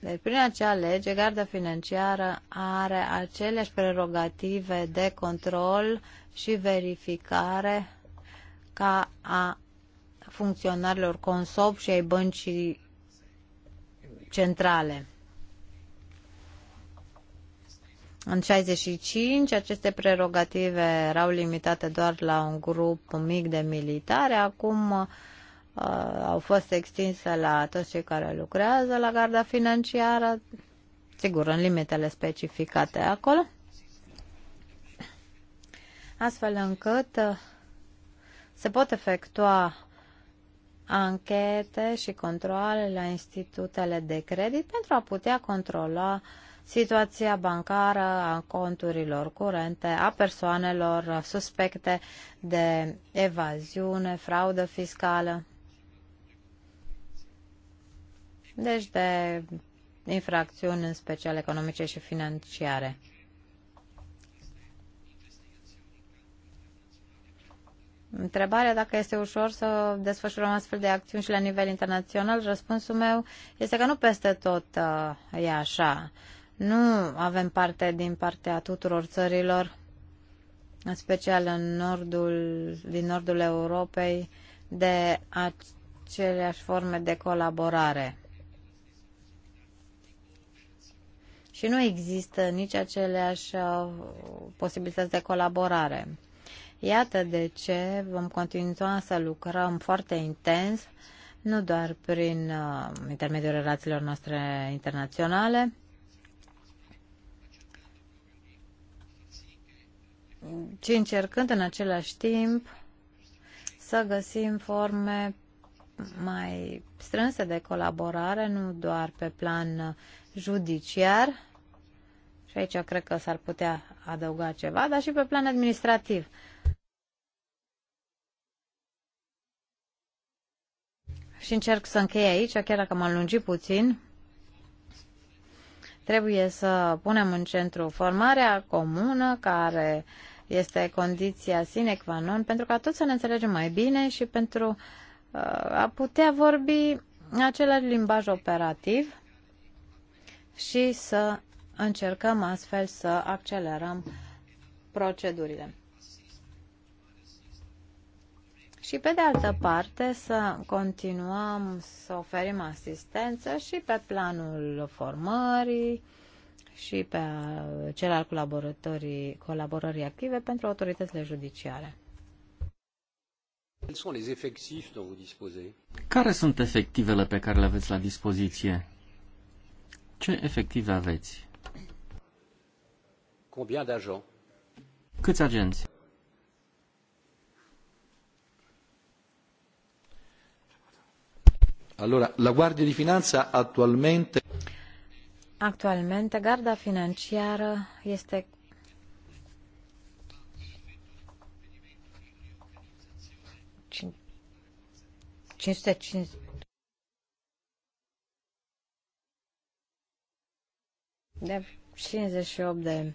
Deci, prin acea lege, garda financiară are aceleași prerogative de control și verificare ca a funcționarilor consob și ai băncii centrale. În 65, aceste prerogative erau limitate doar la un grup mic de militare. Acum uh, Uh, au fost extinse la toți cei care lucrează la garda financiară, sigur, în limitele specificate acolo, astfel încât uh, se pot efectua anchete și controle la institutele de credit pentru a putea controla situația bancară a conturilor curente a persoanelor suspecte de evaziune, fraudă fiscală deci de infracțiuni în special economice și financiare. Întrebarea dacă este ușor să desfășurăm astfel de acțiuni și la nivel internațional, răspunsul meu este că nu peste tot uh, e așa. Nu avem parte din partea tuturor țărilor, în special în nordul, din nordul Europei, de aceleași forme de colaborare. și nu există nici aceleași uh, posibilități de colaborare. Iată de ce vom continua să lucrăm foarte intens, nu doar prin uh, intermediul relațiilor noastre internaționale, ci încercând în același timp să găsim forme mai strânse de colaborare, nu doar pe plan judiciar, și aici cred că s-ar putea adăuga ceva, dar și pe plan administrativ. Și încerc să închei aici, chiar dacă m-am lungit puțin. Trebuie să punem în centru formarea comună, care este condiția sine qua non, pentru ca toți să ne înțelegem mai bine și pentru uh, a putea vorbi același limbaj operativ și să încercăm astfel să accelerăm procedurile. Și pe de altă parte să continuăm să oferim asistență și pe planul formării și pe cel al colaborării, colaborării active pentru autoritățile judiciare. Care sunt efectivele pe care le aveți la dispoziție? Ce efective aveți? Combien d'agents Câți agenți? Allora, la Guardia di Finanza attualmente... Actualmente, garda financiară este Cin... 550... 5... de 58 de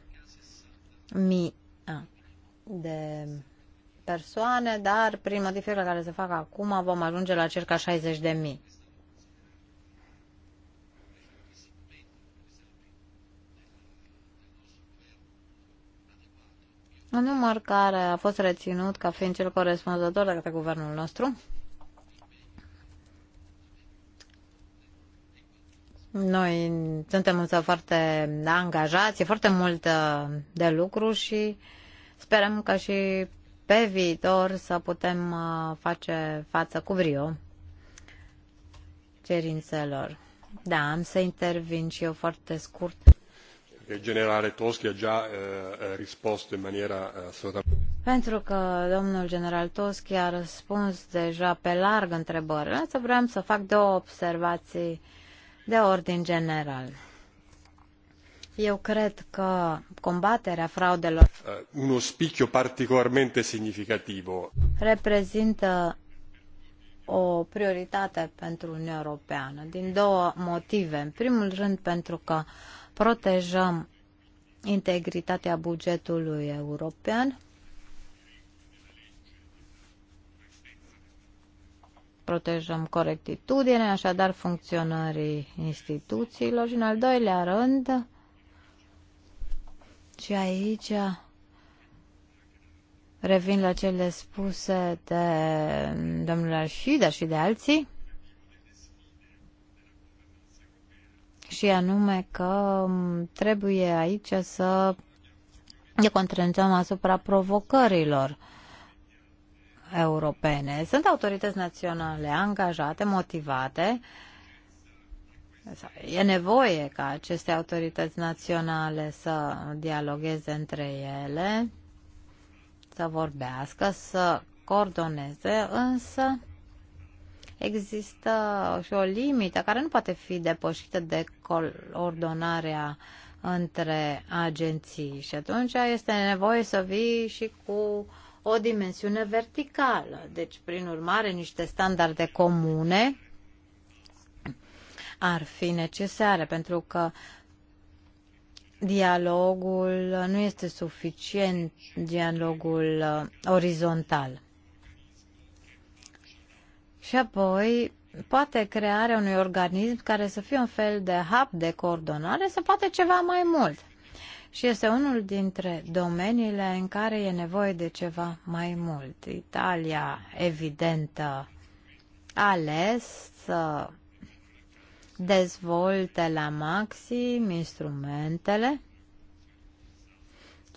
mii ah, de persoane, dar prin modificările care se fac acum vom ajunge la circa 60 de mii. Un număr care a fost reținut ca fiind cel corespunzător de către guvernul nostru. Noi suntem însă foarte angajați, e foarte mult uh, de lucru și sperăm că și pe viitor să putem uh, face față cu brio cerințelor. Da, am să intervin și eu foarte scurt. Generale Toschi a già uh, eh, risposto in maniera assolutamente... Pentru că domnul general Toschi a răspuns deja pe larg întrebările, să vreau să fac două observații de ordin general. Eu cred că combaterea fraudelor uh, uno spicchio particolarmente significativo reprezintă o prioritate pentru Uniunea Europeană din două motive. În primul rând pentru că protejăm integritatea bugetului european protejăm corectitudinea, așadar funcționării instituțiilor și în al doilea rând și aici revin la cele spuse de domnul Arșii, dar și de alții și anume că trebuie aici să ne concentrăm asupra provocărilor europene. Sunt autorități naționale angajate, motivate. E nevoie ca aceste autorități naționale să dialogueze între ele, să vorbească, să coordoneze, însă există și o limită care nu poate fi depășită de coordonarea între agenții și atunci este nevoie să vii și cu uh, o dimensiune verticală. Deci, prin urmare, niște standarde comune ar fi necesare, pentru că dialogul nu este suficient, dialogul uh, orizontal. Și apoi, poate crearea unui organism care să fie un fel de hub de coordonare, să poate ceva mai mult și este unul dintre domeniile în care e nevoie de ceva mai mult. Italia, evident, a ales să dezvolte la maxim instrumentele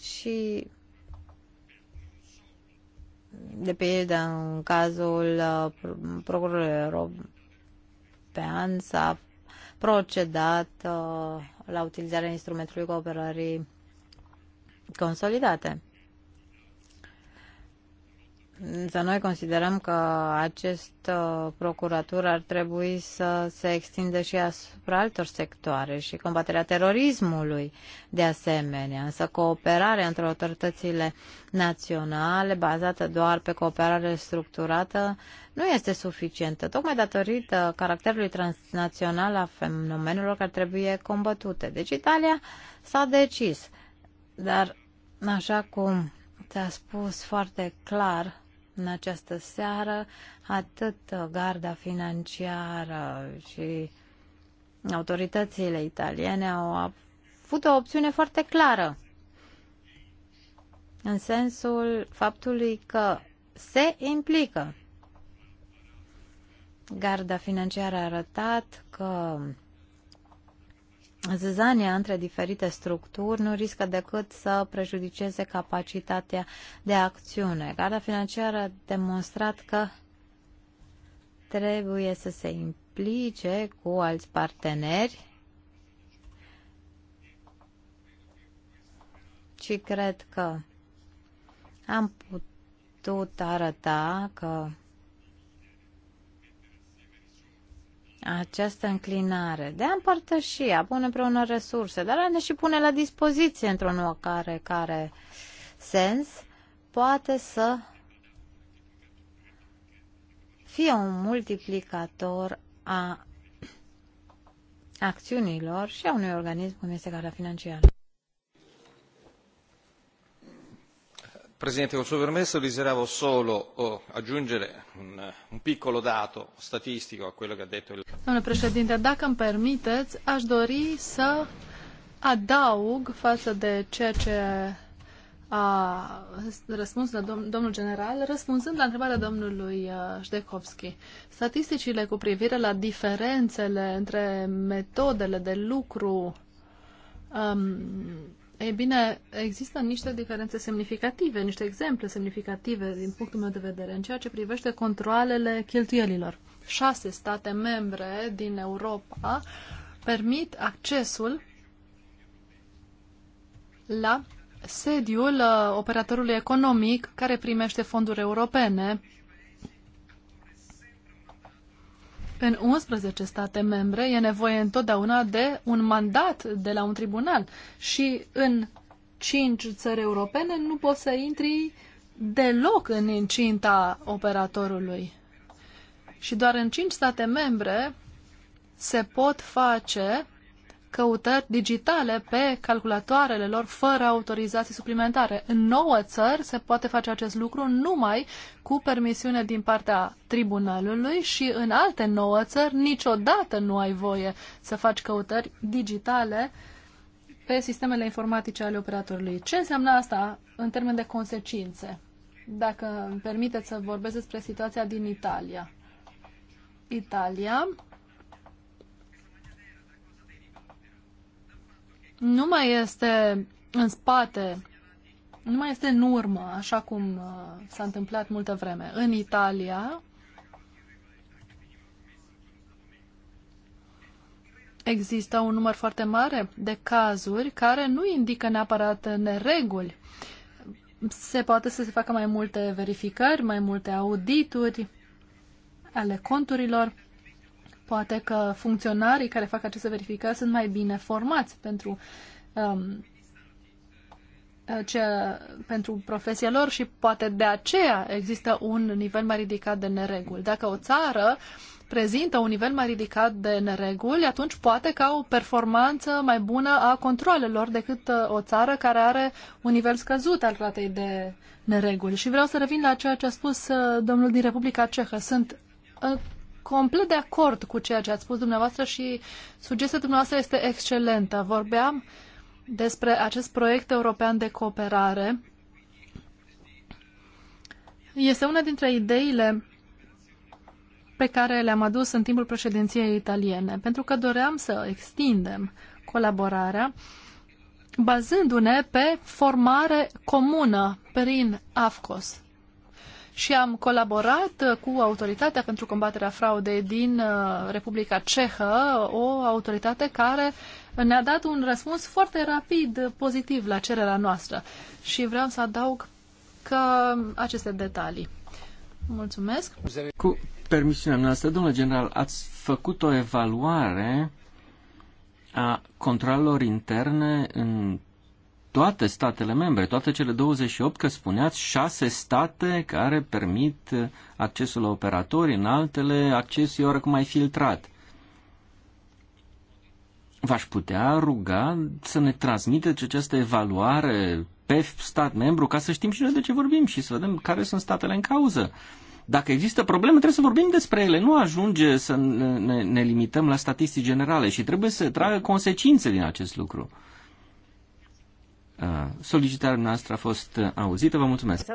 și de pildă în cazul uh, procurorului european s-a procedat uh, la utilizarea instrumentului cooperării consolidate. Însă noi considerăm că acest uh, procurator ar trebui să se extindă și asupra altor sectoare și combaterea terorismului de asemenea. Însă cooperarea între autoritățile naționale bazată doar pe cooperare structurată nu este suficientă, tocmai datorită caracterului transnațional a fenomenelor care trebuie combătute. Deci Italia s-a decis, dar așa cum ți-a spus foarte clar, în această seară, atât garda financiară și autoritățile italiene au avut o opțiune foarte clară în sensul faptului că se implică. Garda financiară a arătat că zăzania între diferite structuri nu riscă decât să prejudiceze capacitatea de acțiune. Garda financiară a demonstrat că trebuie să se implice cu alți parteneri și cred că am putut arăta că această înclinare de a împărtăși, a pune împreună resurse, dar a ne și pune la dispoziție într-un care, care sens, poate să fie un multiplicator a acțiunilor și a unui organism cum este Gara Financiară. Presidente, con il suo permesso desideravo solo oh, aggiungere un, un piccolo dato statistico a quello che ha detto il... Domnule președinte, dacă îmi permiteți, aș dori să adaug față de ceea ce a răspuns la dom domnul general, răspunzând la întrebarea domnului uh, Ștechovski. Statisticile cu privire la diferențele între metodele de lucru um, ei bine, există niște diferențe semnificative, niște exemple semnificative din punctul meu de vedere în ceea ce privește controlele cheltuielilor. Șase state membre din Europa permit accesul la sediul uh, operatorului economic care primește fonduri europene În 11 state membre e nevoie întotdeauna de un mandat de la un tribunal și în 5 țări europene nu poți să intri deloc în incinta operatorului. Și doar în 5 state membre se pot face căutări digitale pe calculatoarele lor fără autorizații suplimentare. În nouă țări se poate face acest lucru numai cu permisiune din partea tribunalului și în alte nouă țări niciodată nu ai voie să faci căutări digitale pe sistemele informatice ale operatorului. Ce înseamnă asta în termen de consecințe? Dacă îmi permiteți să vorbesc despre situația din Italia. Italia nu mai este în spate, nu mai este în urmă, așa cum uh, s-a întâmplat multă vreme. În Italia există un număr foarte mare de cazuri care nu indică neapărat nereguli. Se poate să se facă mai multe verificări, mai multe audituri ale conturilor. Poate că funcționarii care fac aceste verificări sunt mai bine formați pentru, um, ce, pentru profesia lor și poate de aceea există un nivel mai ridicat de nereguli. Dacă o țară prezintă un nivel mai ridicat de nereguli, atunci poate că au o performanță mai bună a controlelor decât uh, o țară care are un nivel scăzut al ratei de nereguli. Și vreau să revin la ceea ce a spus uh, domnul din Republica Cehă. Sunt uh, complet de acord cu ceea ce ați spus dumneavoastră și sugestia dumneavoastră este excelentă. Vorbeam despre acest proiect european de cooperare. Este una dintre ideile pe care le-am adus în timpul președinției italiene, pentru că doream să extindem colaborarea bazându-ne pe formare comună prin AFCOS și am colaborat uh, cu Autoritatea pentru Combaterea Fraudei din uh, Republica Cehă, o autoritate care ne-a dat un răspuns foarte rapid, uh, pozitiv la cererea noastră. Și vreau să adaug că um, aceste detalii. Mulțumesc. Cu permisiunea noastră, domnule general, ați făcut o evaluare a controlelor interne în toate statele membre, toate cele 28, că spuneați șase state care permit accesul la operatori, în altele accesul e oricum mai filtrat. V-aș putea ruga să ne transmiteți această evaluare pe stat membru ca să știm și noi de ce vorbim și să vedem care sunt statele în cauză. Dacă există probleme, trebuie să vorbim despre ele. Nu ajunge să ne, ne, ne limităm la statistici generale și trebuie să tragă consecințe din acest lucru solicitarea noastră a fost uh, auzită. Vă mulțumesc!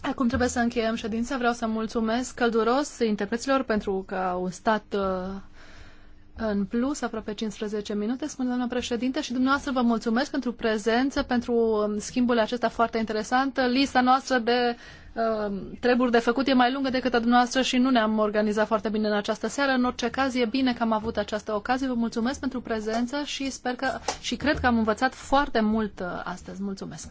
Acum trebuie să încheiem ședința. Vreau să mulțumesc călduros interpreților pentru că au stat uh, în plus, aproape 15 minute, spune doamna președinte, și dumneavoastră vă mulțumesc pentru prezență, pentru um, schimbul acesta foarte interesant. Lista noastră de Ehm, treburi de făcut e mai lungă decât a dumneavoastră și nu ne-am organizat foarte bine în această seară. În orice caz, e bine că am avut această ocazie. Vă mulțumesc pentru prezență și sper că și cred că am învățat foarte mult uh, astăzi. Mulțumesc!